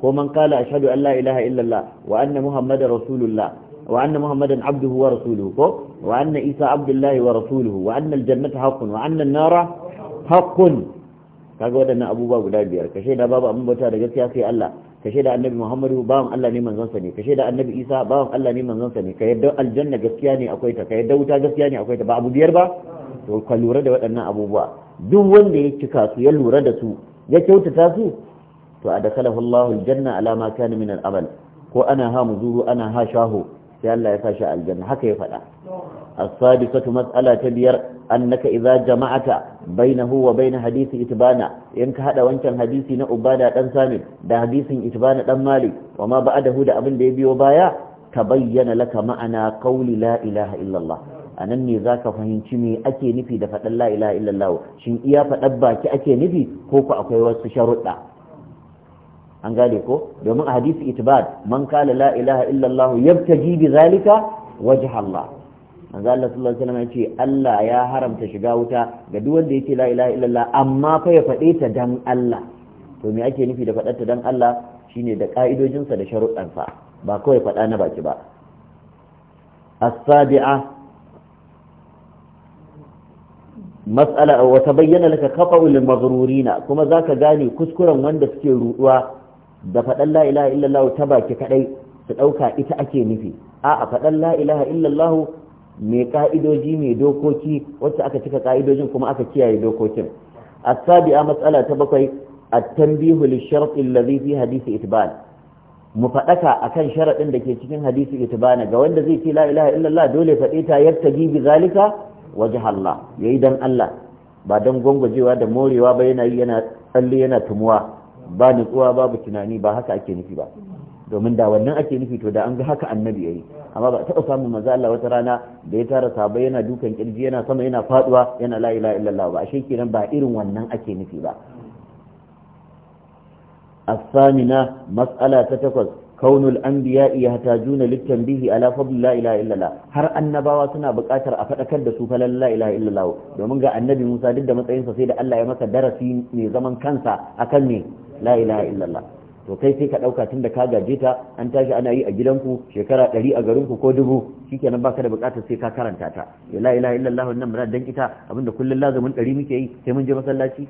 ko man qala ashhadu an la ilaha illallah wa anna muhammadar rasulullah wa anna muhammadan abduhu wa rasuluhu ko wa anna isa abdullahi wa rasuluhu wa anna aljannata haqqun wa anna nara haqqun kaga waɗannan abubuwa guda biyar kashe da babu abin bauta da gaskiya sai Allah ka shaida annabi muhammadu bawan Allah ne manzonsa ne ka shaida annabi isa bawan Allah ne manzonsa ne ka yadda aljanna gaskiya ne akwai ta ka yadda wuta gaskiya ne akwai ta ba abu biyar ba to ka lura da waɗannan abubuwa duk wanda ya cika su ya lura da su ya kyautata su to adakalahu Allahu aljanna ala ma kana min al-amal ko ana ha muzuru ana ha shaho sai Allah ya sa shi aljanna haka ya faɗa السادسة مسألة تبير أنك إذا جمعت بينه وبين حديث إتبانا إنك هذا وانشان حديثي نأبانا تنسامي دا حديث إتبانا تنمالي وما بعده دا أبن ديبي وبايا تبين لك معنى قول لا إله إلا الله anan ne za ka fahimci me ake nufi da faɗin la ilaha illallah shin iya faɗar baki ake nufi ko ku akwai wasu sharuɗa an gane ko domin a hadisi itibad man kala la ilaha illallah zalika wajha manzo Allah sallallahu alaihi wasallam yace Allah ya haramta shiga wuta ga duk wanda yake la ilaha illallah amma fa ya faɗe ta dan Allah to me ake nufi da faɗar ta dan Allah shine da ka'idojinsa da sharuɗansa ba kawai faɗa na baki ba as-sabi'a mas'ala wa tabayyana laka qata'ul maghrurina kuma zaka gane kuskuren wanda suke ruduwa da faɗan la ilaha illallah ta baki kadai su dauka ita ake nufi a'a faɗan la ilaha illallah mai ka'idoji mai dokoki wacce aka cika ka'idojin kuma aka kiyaye dokokin a sabia mas'ala ta bakwai at-tanbihu lish-shart alladhi fi hadisi itban mu fadaka akan sharadin da ke cikin hadisi itbana ga wanda zai ce la ilaha illallah dole fa ta yattaji bi zalika wajh Allah yayi dan Allah ba dan gongojewa da morewa ba yana yana tsalle yana tumuwa ba nutsuwa babu tunani ba haka ake nufi ba domin da wannan ake nufi to da an ga haka annabi yayi amma ba taɓa samu maza Allah wata rana da ya tara sabai yana dukan kirji yana sama yana faduwa yana la ilaha illallah ba shi kenan ba irin wannan ake nufi ba as-samina mas'ala ta takwas kaunul anbiya yahtajuna litanbihi ala fadl la ilaha illallah har annabawa suna buƙatar a faɗakar da su fa la ilaha illallah domin ga annabi Musa duk da matsayinsa sai da Allah ya masa darasi mai zaman kansa akan ne la ilaha illallah to kai sai ka ɗauka tun da ka gaje ta an tashi ana yi a gidanku shekara ɗari a garinku ko dubu shikenan baka da buƙatar sai ka karanta ta la ilaha illallah wannan mura dan ita abinda kullun lazumin ɗari muke yi sai mun je masallaci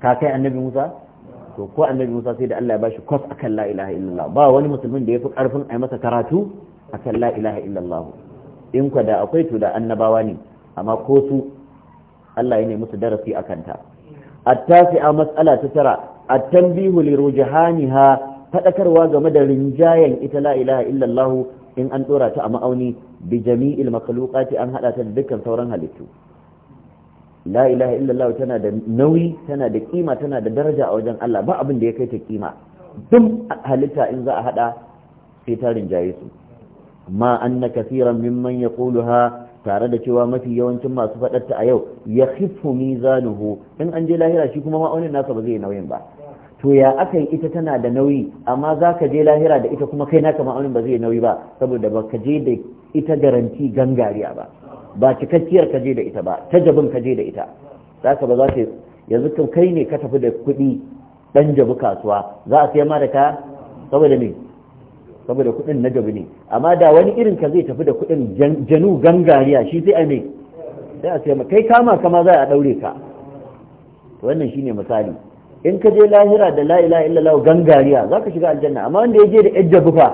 ka kai annabi Musa to ko annabi Musa sai da Allah ya bashi kwas akan la ilaha illallah ba wani musulmin da yafi karfin a masa karatu akan la ilaha illallah in ka da akwai to da annabawa ne amma ko su Allah ya ne musu darasi akan ta at-tasi'a mas'ala ta tara at-tanbihu li rujhaniha fadakarwa game da rinjayen ita la ilaha illallah in an dora ta a ma'auni bi jami'il makhluqati an hada ta da dukkan sauran halittu la ilaha illallah tana da nauyi tana da kima tana da daraja a wajen Allah ba abin da ya kai ta kima duk halitta in za a hada sai ta rinjaye su amma anna kaseeran mimman yaquluha tare da cewa mafi yawancin masu faɗarta a yau ya hifu mizanuhu in an je lahira shi kuma ma'aunin nasa ba zai nauyin ba to ya aka yi ita tana da nauyi amma za ka je lahira da ita kuma kai naka ma'aunin ba zai yi nauyi ba saboda ba ka je da ita garanti gangariya ba ba cikakkiyar ka je da ita ba ta jabin ka je da ita za ka ba za ta yanzu kai ne ka tafi da kuɗi ɗan jabu kasuwa za a sai ma da ka saboda me saboda kuɗin na jabu ne amma da wani irin ka zai tafi da kuɗin janu gangariya shi sai a me sai a sai ma kai kama kama za a ɗaure ka wannan shine misali in ka je lahira da laila illallah gangariya za ka shiga aljanna amma wanda ya je da yajjabu fa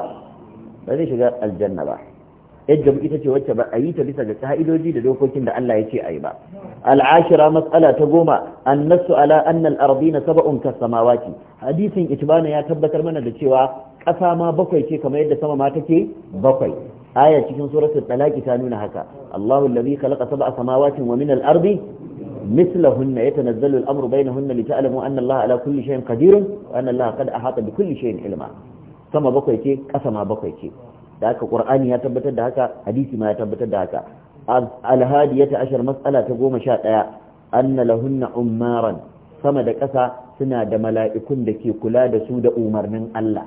ba zai shiga aljanna ba yajjabu ita ce wacce ba a yi ta bisa ga ka'idoji da dokokin da Allah ya ce a yi ba al'ashira matsala ta goma annasu ala annal al-ardina sab'un kas samawati hadisin itibana ya tabbatar mana da cewa ƙasa ma bakwai ce kamar yadda sama ma take bakwai aya cikin suratul talaqi ta nuna haka Allahu allazi khalaqa sab'a samawatin wa min al-ardi mislahunna yatanazzalu al-amru bainahunna lita'lamu anna Allah ala kulli shay'in qadirun wa anna Allah qad ahata bi kulli shay'in ilma sama bakwai ce kasa ma bakwai ce da haka qur'ani ya tabbatar da haka hadisi ma ya tabbatar da haka al-hadiyata ashar mas'ala ta goma sha ɗaya. anna lahunna ummaran sama da ƙasa suna da mala'ikun da ke kula da su da umarnin Allah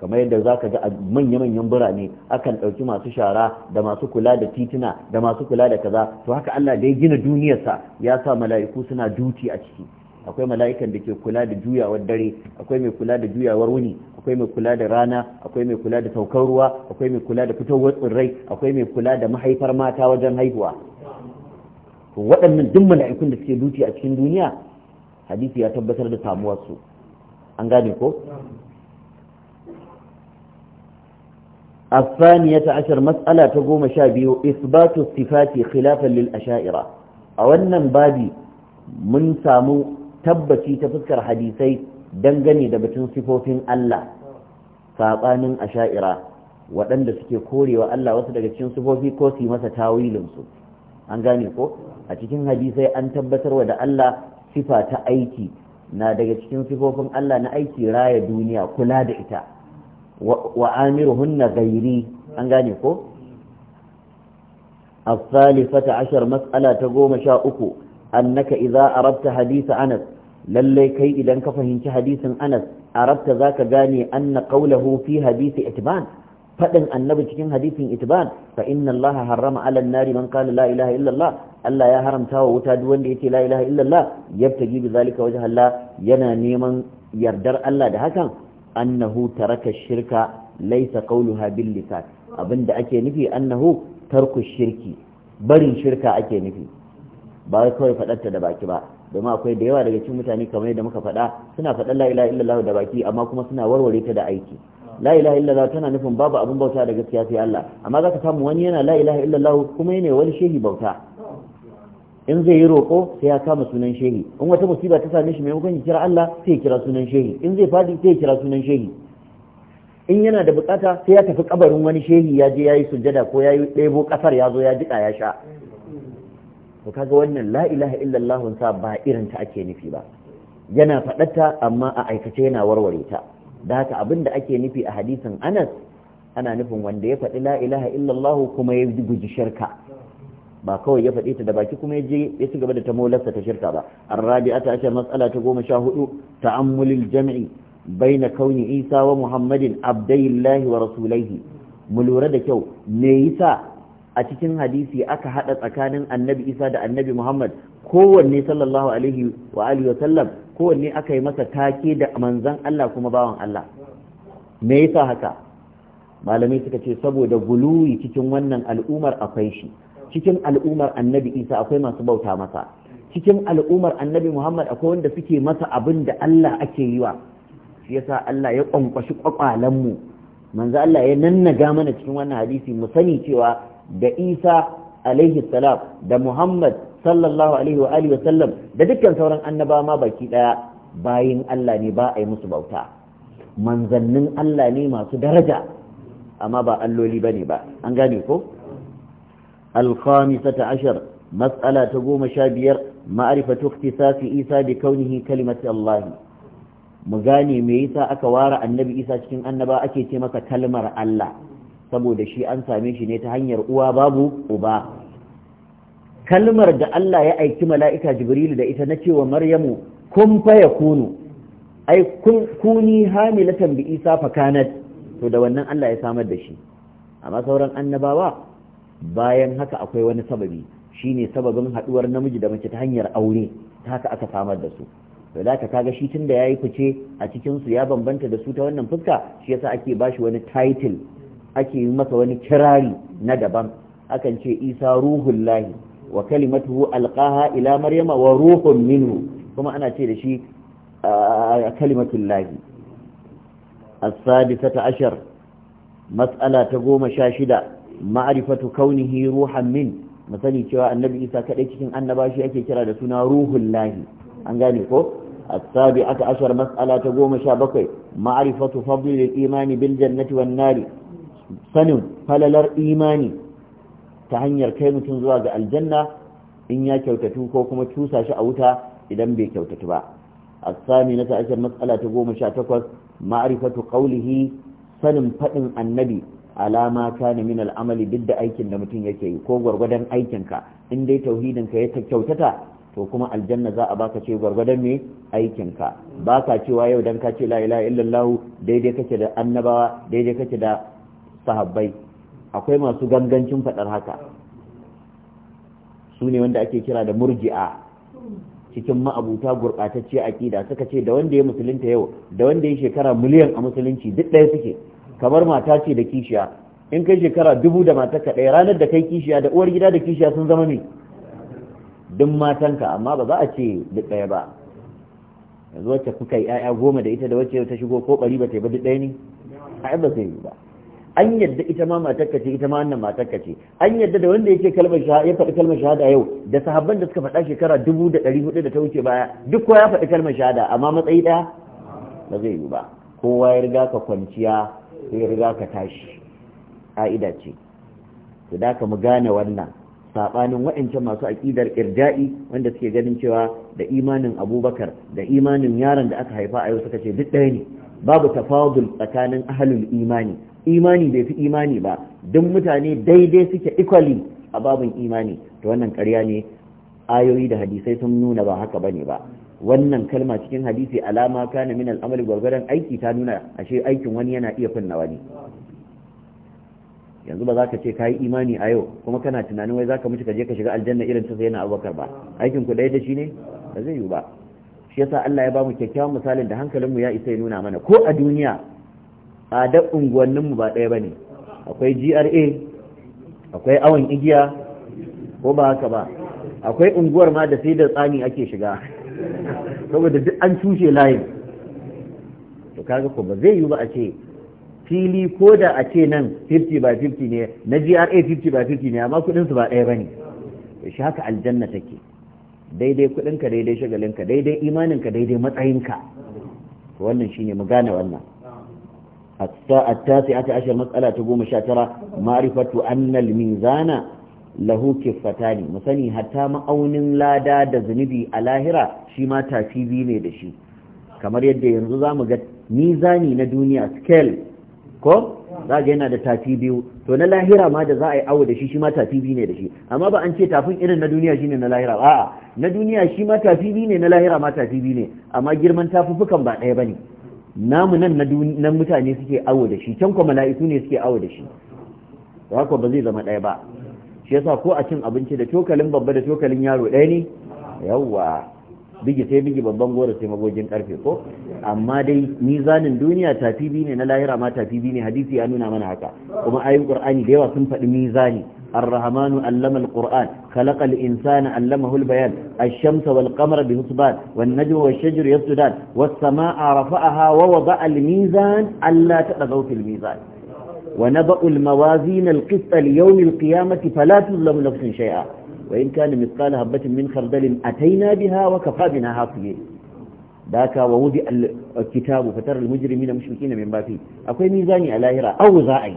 kamar yadda za ka ga a manya-manyan birane akan ɗauki masu shara da masu kula da tituna da masu kula da kaza to haka Allah da ya gina duniyarsa ya sa mala'iku suna duti a ciki akwai mala'ikan da ke kula da juyawar dare akwai mai kula da juyawar wuni akwai mai kula da rana akwai mai kula da saukar ruwa akwai mai kula da fitowar tsirrai akwai mai kula da mahaifar mata wajen haihuwa to waɗannan duk mala'ikun da suke duti a cikin duniya hadisi ya tabbatar da samuwarsu an gane ko الثانية عشر مسألة تقوم شابه إثبات الصفات خلافا للأشائرة أولا بادي من سامو تبتي تفكر حديثي دنغني دبتن صفوفين الله saɓanin a sha'ira waɗanda suke korewa Allah wasu daga cikin sufofi ko su yi masa tawilinsu an gane ko a cikin hadisai an wa da Allah sifa ta aiki na daga cikin sifofin Allah na aiki raya duniya kula da ita wa amiruhunna gairi an gane ko الثالثة عشر مسألة تقوم شاؤك أنك إذا أردت حديث أنس للي كي إذا انكفهنك حديث أنس أردت ذاك قاني أن قوله في حديث إتبان فإن النبي كان حديث إتبان فإن الله حرم على النار من قال لا إله إلا الله ألا يا حرم تاو وتادون لإتي لا إله إلا الله يبتجي بذلك وجه الله ينا نيما يردر ألا دهكا annahu taraka shirka laisa qawluha bil lisan abinda ake nufi annahu tarku shirki barin shirka ake nufi ba wai kawai faɗarta da baki ba domin akwai da yawa daga cikin mutane kamar yadda muka faɗa suna faɗan la ilaha illallah da baki amma kuma suna warware ta da aiki la ilaha illallah tana nufin babu abin bauta da gaskiya sai Allah amma zaka samu wani yana la ilaha illallah kuma yana wani shehi bauta in zai yi roƙo sai ya kama sunan shehi in wata musiba ta same shi maimakon ya kira Allah sai ya kira sunan shehi in zai fadi sai ya kira sunan shehi in yana da bukata sai ya tafi kabarin wani shehi ya je ya yi sujjada ko ya yi ɗebo kasar ya zo ya jiƙa ya sha to kaga wannan la ilaha illallah sa ba irin ta ake nufi ba yana faɗata amma a aikace yana warware ta da haka abin da ake nufi a hadisin Anas ana nufin wanda ya faɗi la ilaha illallah kuma ya guji shirka ba kawai ya faɗi ta da baki kuma ya je ya ci gaba da tamolarsa ta shirka ba arrabi'ata ashar mas'ala ta goma sha hudu ta'ammulil jam'i baina kauni isa wa muhammadin abdaillahi wa rasulaihi mu lura da kyau me yasa a cikin hadisi aka hada tsakanin annabi isa da annabi muhammad kowanne sallallahu alaihi wa alihi wa sallam kowanne aka yi masa take da manzan allah kuma bawan allah me yasa haka malamai suka ce saboda guluwi cikin wannan al'umar akwai shi cikin al'ummar annabi isa akwai masu bauta masa cikin al'ummar annabi muhammad akwai wanda suke masa abin da allah ake yi wa shi yasa allah ya kwankwashi kwakwalenmu manzo allah ya nannaga mana cikin wannan hadisi mu sani cewa da isa alaihi salam da muhammad sallallahu alaihi wa alihi wa sallam da dukkan sauran annaba ma baki daya bayin allah ne ba a yi musu bauta manzannin allah ne masu daraja amma ba alloli bane ba an gane ko الخامسة عشر مسألة تقوم شابير معرفة اختصاص إيسى بكونه كلمة الله مغاني ميسى أكوار النبي إيسى شكين أنبا أكي maka كلمة الله saboda shi an same shi ne ta hanyar uwa babu uba kalmar da Allah ya aiki mala'ika jibrilu da ita na cewa maryamu kun faya kunu ai kun kuni hamilatan bi isa fakanat to da wannan Allah ya samar da shi amma sauran annabawa bayan haka akwai wani sababi shine sababin haduwar namiji da mace ta hanyar aure ta haka aka samar da su to da ka kaga shi tun tunda yayi fice a cikin su ya bambanta da su ta wannan fuska shi yasa ake bashi wani title ake yi masa wani kirari na daban akan ce Isa ruhullahi wa kalimatuhu alqaha ila maryama wa ruhun minhu kuma ana ce da shi lahi as-sadisata ashar mas'ala ta goma sha shida ma'arifatu kaunihi ruhan min mu cewa annabi isa kaɗai cikin annaba shi ake kira da suna ruhun lahi an gane ko asabi aka ashar mas'ala ta goma sha bakwai ma'arifatu fadlil imani bil jannati wan nari sanin falalar imani ta hanyar kai mutum zuwa ga aljanna in ya kyautatu ko kuma cusa shi a wuta idan bai kyautatu ba asami na ta'ashar mas'ala ta goma sha takwas ma'arifatu qawlihi sanin faɗin annabi alama ne min al'amali duk da aikin da mutum yake yi ko gwargwadon aikinka in dai tauhidinka ya kyautata to kuma aljanna za a baka ce gwargwadon me aikinka ba ka cewa yau dan ka ce la ilaha daidai kake da annabawa daidai kake da sahabbai akwai masu gangancin fadar haka su ne wanda ake kira da murji'a cikin ma'abuta gurɓatacce aƙida suka ce da wanda ya musulunta yau da wanda ya shekara miliyan a musulunci duk ɗaya suke kamar mata ce da kishiya in kai shekara dubu da mata ka ɗaya ranar da kai kishiya da uwar gida da kishiya sun zama ne duk matanka amma ba za a ce duk ɗaya ba yanzu wacce kuka yi ƴaƴa goma da ita da wacce ta shigo ko ɓari ba ta yi ba duk ɗaya ne a ba sai yi ba an yadda ita ma matarka ce ita ma wannan matakka ce an yadda da wanda yake kalmar shahada ya faɗi kalmar shahada yau da sahabban da suka faɗa shekara dubu da ɗari hudu da ta wuce baya duk kowa ya faɗi kalmar shahada amma matsayi ɗaya ba zai yi ba kowa ya riga ka kwanciya sai riga ka tashi ƙa'ida ce to da mu gane wannan saɓanin wa'ancan masu aƙidar irja'i wanda suke ganin cewa da imanin abubakar da imanin yaron da aka haifa a yau suka ce duk ɗaya ne babu tafadul tsakanin ahalul imani imani bai fi imani ba duk mutane daidai suke equally a babin imani to wannan ƙarya ne ayoyi da hadisai sun nuna ba haka bane ba wannan kalma cikin hadisi alama kana min al'amali gwargwaron aiki ta nuna ashe aikin wani yana iya kunna wani yanzu ba za ka ce ka yi imani a yau kuma kana tunanin wai za ka mutu ka je ka shiga aljanna irin ta sai na abubakar ba aikin ku ɗaya da shi ne ba zai yiwu ba shi yasa Allah ya ba mu kyakkyawan misalin da mu ya isa ya nuna mana ko a duniya tsadar unguwanninmu ba ɗaya ba ne akwai GRA akwai awon igiya ko ba haka ba akwai unguwar ma da sai da tsani ake shiga saboda duk an cushe layin to kaga ko ba zai yi ba a ce fili ko da a ce nan 50 by 50 ne na GRA 50 by 50 ne amma kudin su ba ɗaya bane to shi haka aljanna take daidai kudinka daidai shagalinka daidai imaninka daidai matsayinka wannan shine mu gane wannan التاسعة عشر مسألة تقوم شاترة معرفة أن الميزان lahu kifatani mu sani hatta ma'aunin lada da zunubi a lahira shi ma tafi biyu ne da shi kamar yadda yanzu za mu ga mizani na duniya scale ko za ga yana da tafi biyu to na lahira ma da za a yi awo da shi shi ma tafi biyu ne da shi amma ba an ce tafin irin na duniya shine na lahira a'a na duniya shi ma tafi biyu ne na lahira ma tafi biyu ne amma girman tafufukan ba ɗaya bane namu nan na mutane suke awo da shi can kuma mala'iku ne suke awo da shi haka ba zai zama ɗaya ba shi yasa ko a cin abinci da cokalin babba da cokalin yaro ɗaya ne yawwa bigi sai bigi babban gora sai magogin karfe ko amma dai mizanin duniya tafibi ne na lahira ma tafibi ne hadisi ya nuna mana haka kuma ayin qur'ani da yawa sun faɗi mizani الرحمن علم القرآن خلق الإنسان علمه البيان الشمس والقمر بهسبان والنجم والشجر يسجدان والسماء رفعها ووضع الميزان ألا تطغوا في الميزان ونبأ الموازين القسط ليوم القيامة فلا تظلم نفس شيئا وإن كان مثقال هبة من خردل أتينا بها وكفى بنا حافظين ذاك ووضع الكتاب فترى المجرمين مشركين من بافي أقول ميزاني على هراء أو زائي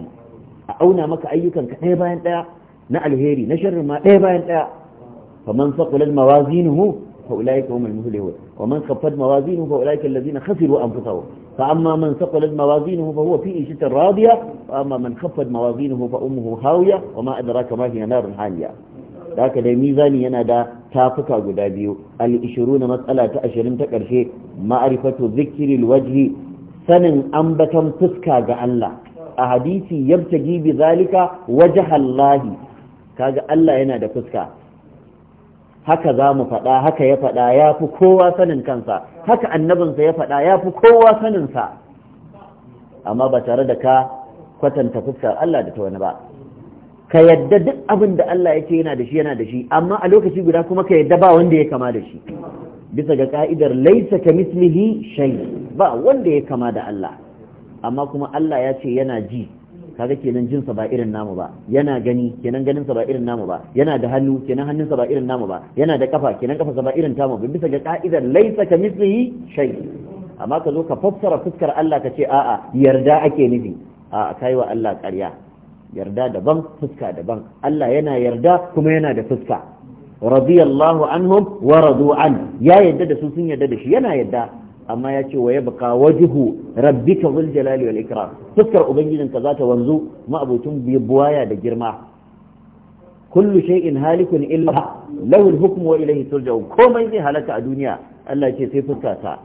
أونا مك أيكا كأيبا أنت نعل هيري نشر ما أيبا أنت فمن ثقل موازينه فأولئك هم المهلهون ومن خفت موازينه فأولئك الذين خسروا أنفسهم فأما من ثقلت موازينه فهو في عيشة راضية وأما من خفت موازينه فأمه هاوية وما أدراك ما هي نار حامية ذاك دai mizani yana da tafuka guda biyu al-ishiruna matsala ta ashirin ta karshe ma'arifatu zikiril wajhi sanin ambatan fuska ga Allah a hadisi yabtagi bi zalika wajha kaga Allah yana da fuska haka za mu faɗa haka ya faɗa ya fi kowa sanin kansa haka annabinsa ya faɗa ya fi kowa saninsa amma ba tare da ka kwatanta fuskar Allah da ta wani ba ka yadda duk abin da Allah yake yana da shi yana da shi amma a lokaci guda kuma ka yadda ba wanda ya kama da shi bisa ga ka'idar laisa ka mislihi shay ba wanda ya kama da Allah amma kuma Allah ya ce yana ji kaga kenan jinsa ba irin namu ba yana gani kenan ganinsa ba irin namu ba yana da hannu kenan hannunsa ba irin namu ba yana da kafa kenan kafarsa ba irin tamu bisa ga ka'idar laisa ka mislihi shay amma ka zo ka fassara fuskar Allah ka ce a'a yarda ake nufi a'a kai wa Allah ƙarya yarda daban fuska daban Allah yana yarda kuma yana da fuska radiyallahu anhum wa radu an ya yarda da su sun yarda da shi yana yarda amma ya ce wa yabqa wajhu rabbika zul jalali wal ikram fuskar ubangijinka za ta wanzu ma'abucin buwaya da girma kullu shay'in halikun illa lahu al-hukmu wa ilayhi turja'un komai zai halaka a duniya Allah ce sai fuska ta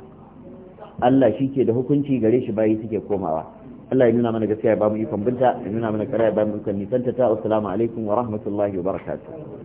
Allah shike da hukunci gare shi bayi suke komawa Allah ya nuna mana gaskiya ya ba ikon binta ya nuna mana kara ya ba mu ikon nisanta ta assalamu alaikum wa rahmatullahi wa barakatuh